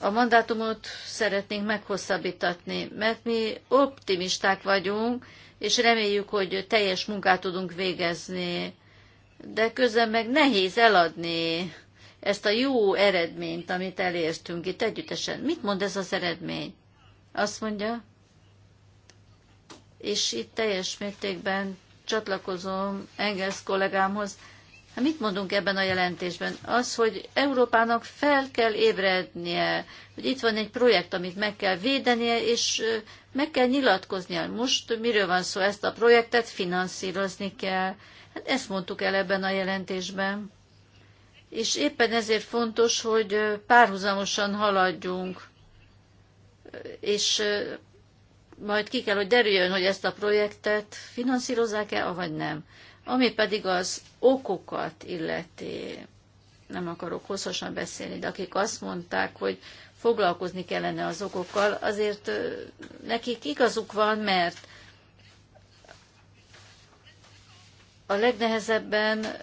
A mandátumot szeretnénk meghosszabbítatni, mert mi optimisták vagyunk, és reméljük, hogy teljes munkát tudunk végezni. De közben meg nehéz eladni ezt a jó eredményt, amit elértünk itt együttesen. Mit mond ez az eredmény? Azt mondja, és itt teljes mértékben csatlakozom Engels kollégámhoz, Hát mit mondunk ebben a jelentésben? Az, hogy Európának fel kell ébrednie, hogy itt van egy projekt, amit meg kell védenie, és meg kell nyilatkoznia. Most miről van szó? Ezt a projektet finanszírozni kell. Hát ezt mondtuk el ebben a jelentésben és éppen ezért fontos, hogy párhuzamosan haladjunk, és majd ki kell, hogy derüljön, hogy ezt a projektet finanszírozzák-e, avagy nem. Ami pedig az okokat illeti, nem akarok hosszasan beszélni, de akik azt mondták, hogy foglalkozni kellene az okokkal, azért nekik igazuk van, mert a legnehezebben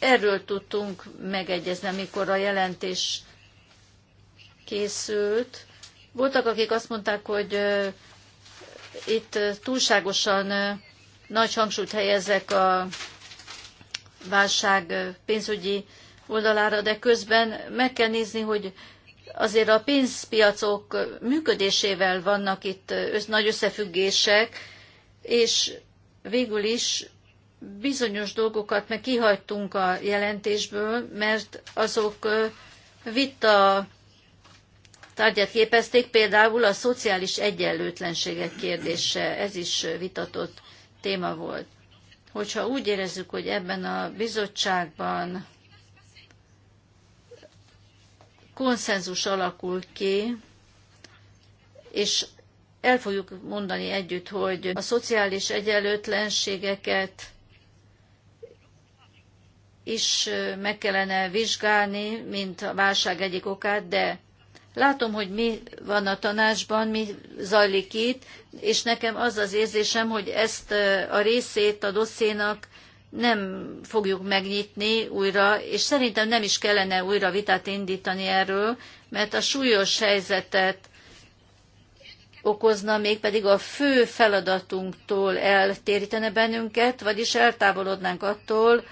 erről tudtunk megegyezni, amikor a jelentés készült. Voltak, akik azt mondták, hogy itt túlságosan nagy hangsúlyt helyezek a válság pénzügyi oldalára, de közben meg kell nézni, hogy azért a pénzpiacok működésével vannak itt nagy összefüggések, és végül is bizonyos dolgokat meg kihagytunk a jelentésből, mert azok vita tárgyát képezték, például a szociális egyenlőtlenségek kérdése, ez is vitatott téma volt. Hogyha úgy érezzük, hogy ebben a bizottságban konszenzus alakul ki, és el fogjuk mondani együtt, hogy a szociális egyenlőtlenségeket is meg kellene vizsgálni, mint a válság egyik okát, de látom, hogy mi van a tanácsban, mi zajlik itt, és nekem az az érzésem, hogy ezt a részét a dosszénak nem fogjuk megnyitni újra, és szerintem nem is kellene újra vitát indítani erről, mert a súlyos helyzetet okozna, mégpedig a fő feladatunktól eltérítene bennünket, vagyis eltávolodnánk attól,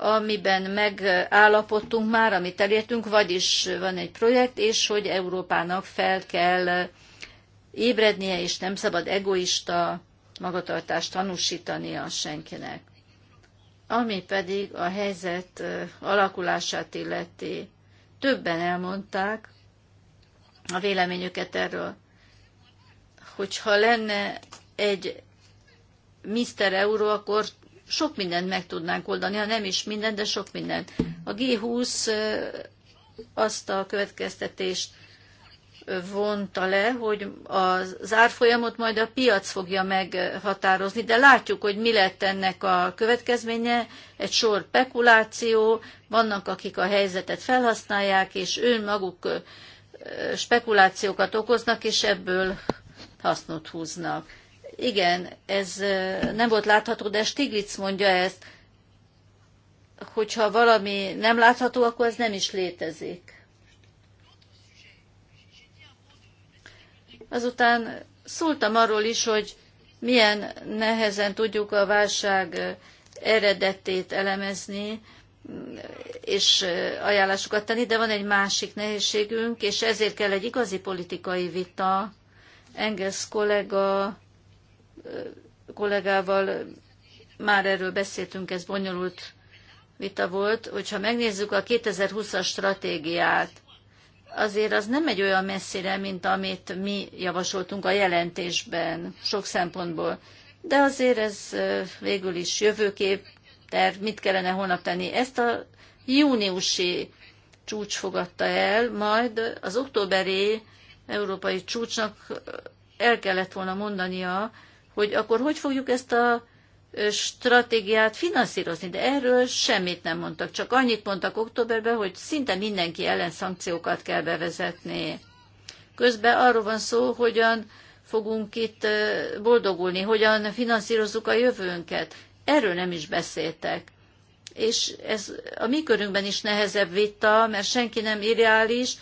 amiben megállapodtunk már, amit elértünk, vagyis van egy projekt, és hogy Európának fel kell ébrednie, és nem szabad egoista magatartást tanúsítania senkinek. Ami pedig a helyzet alakulását illeti. Többen elmondták a véleményüket erről, hogyha lenne egy Mr. Euró, akkor sok mindent meg tudnánk oldani, ha nem is mindent, de sok mindent. A G20 azt a következtetést vonta le, hogy az árfolyamot majd a piac fogja meghatározni, de látjuk, hogy mi lett ennek a következménye, egy sor spekuláció, vannak, akik a helyzetet felhasználják, és őn maguk spekulációkat okoznak, és ebből hasznot húznak. Igen, ez nem volt látható, de Stiglitz mondja ezt, hogyha valami nem látható, akkor ez nem is létezik. Azután szóltam arról is, hogy milyen nehezen tudjuk a válság eredetét elemezni, és ajánlásokat tenni, de van egy másik nehézségünk, és ezért kell egy igazi politikai vita. Engels kollega kollégával már erről beszéltünk, ez bonyolult vita volt, hogyha megnézzük a 2020-as stratégiát, azért az nem egy olyan messzire, mint amit mi javasoltunk a jelentésben sok szempontból. De azért ez végül is jövőkép, terv, mit kellene holnap tenni. Ezt a júniusi csúcs fogadta el, majd az októberi európai csúcsnak el kellett volna mondania, hogy akkor hogy fogjuk ezt a stratégiát finanszírozni, de erről semmit nem mondtak. Csak annyit mondtak októberben, hogy szinte mindenki ellen szankciókat kell bevezetni. Közben arról van szó, hogyan fogunk itt boldogulni, hogyan finanszírozzuk a jövőnket. Erről nem is beszéltek. És ez a mi körünkben is nehezebb vita, mert senki nem irreális,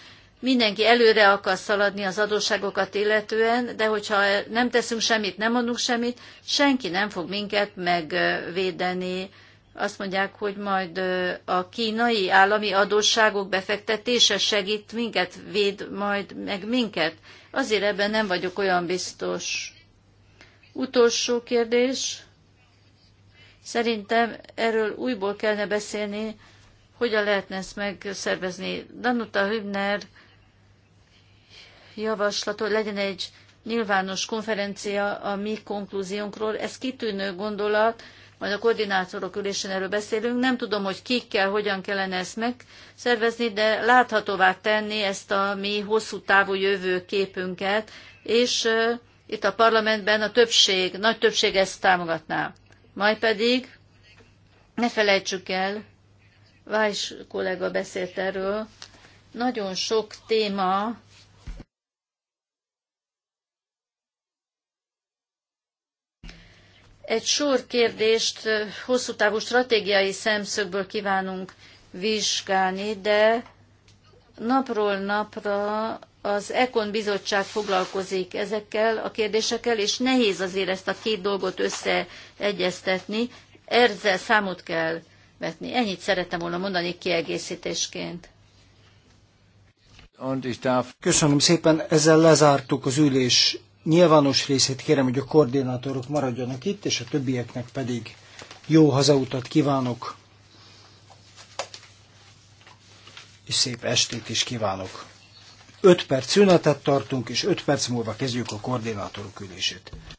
mindenki előre akar szaladni az adósságokat illetően, de hogyha nem teszünk semmit, nem mondunk semmit, senki nem fog minket megvédeni. Azt mondják, hogy majd a kínai állami adósságok befektetése segít minket, véd majd meg minket. Azért ebben nem vagyok olyan biztos. Utolsó kérdés. Szerintem erről újból kellene beszélni, hogyan lehetne ezt megszervezni. Danuta Hübner javaslat, hogy legyen egy nyilvános konferencia a mi konklúziónkról. Ez kitűnő gondolat, majd a koordinátorok ülésen erről beszélünk. Nem tudom, hogy kikkel, hogyan kellene ezt megszervezni, de láthatóvá tenni ezt a mi hosszú távú jövőképünket, és itt a parlamentben a többség, nagy többség ezt támogatná. Majd pedig, ne felejtsük el, Vájs kollega beszélt erről, nagyon sok téma egy sor kérdést hosszú távú stratégiai szemszögből kívánunk vizsgálni, de napról napra az Ekon bizottság foglalkozik ezekkel a kérdésekkel, és nehéz azért ezt a két dolgot összeegyeztetni. Ezzel számot kell vetni. Ennyit szerettem volna mondani kiegészítésként. Köszönöm szépen, ezzel lezártuk az ülés nyilvános részét kérem, hogy a koordinátorok maradjanak itt, és a többieknek pedig jó hazautat kívánok, és szép estét is kívánok. 5 perc szünetet tartunk, és 5 perc múlva kezdjük a koordinátorok ülését.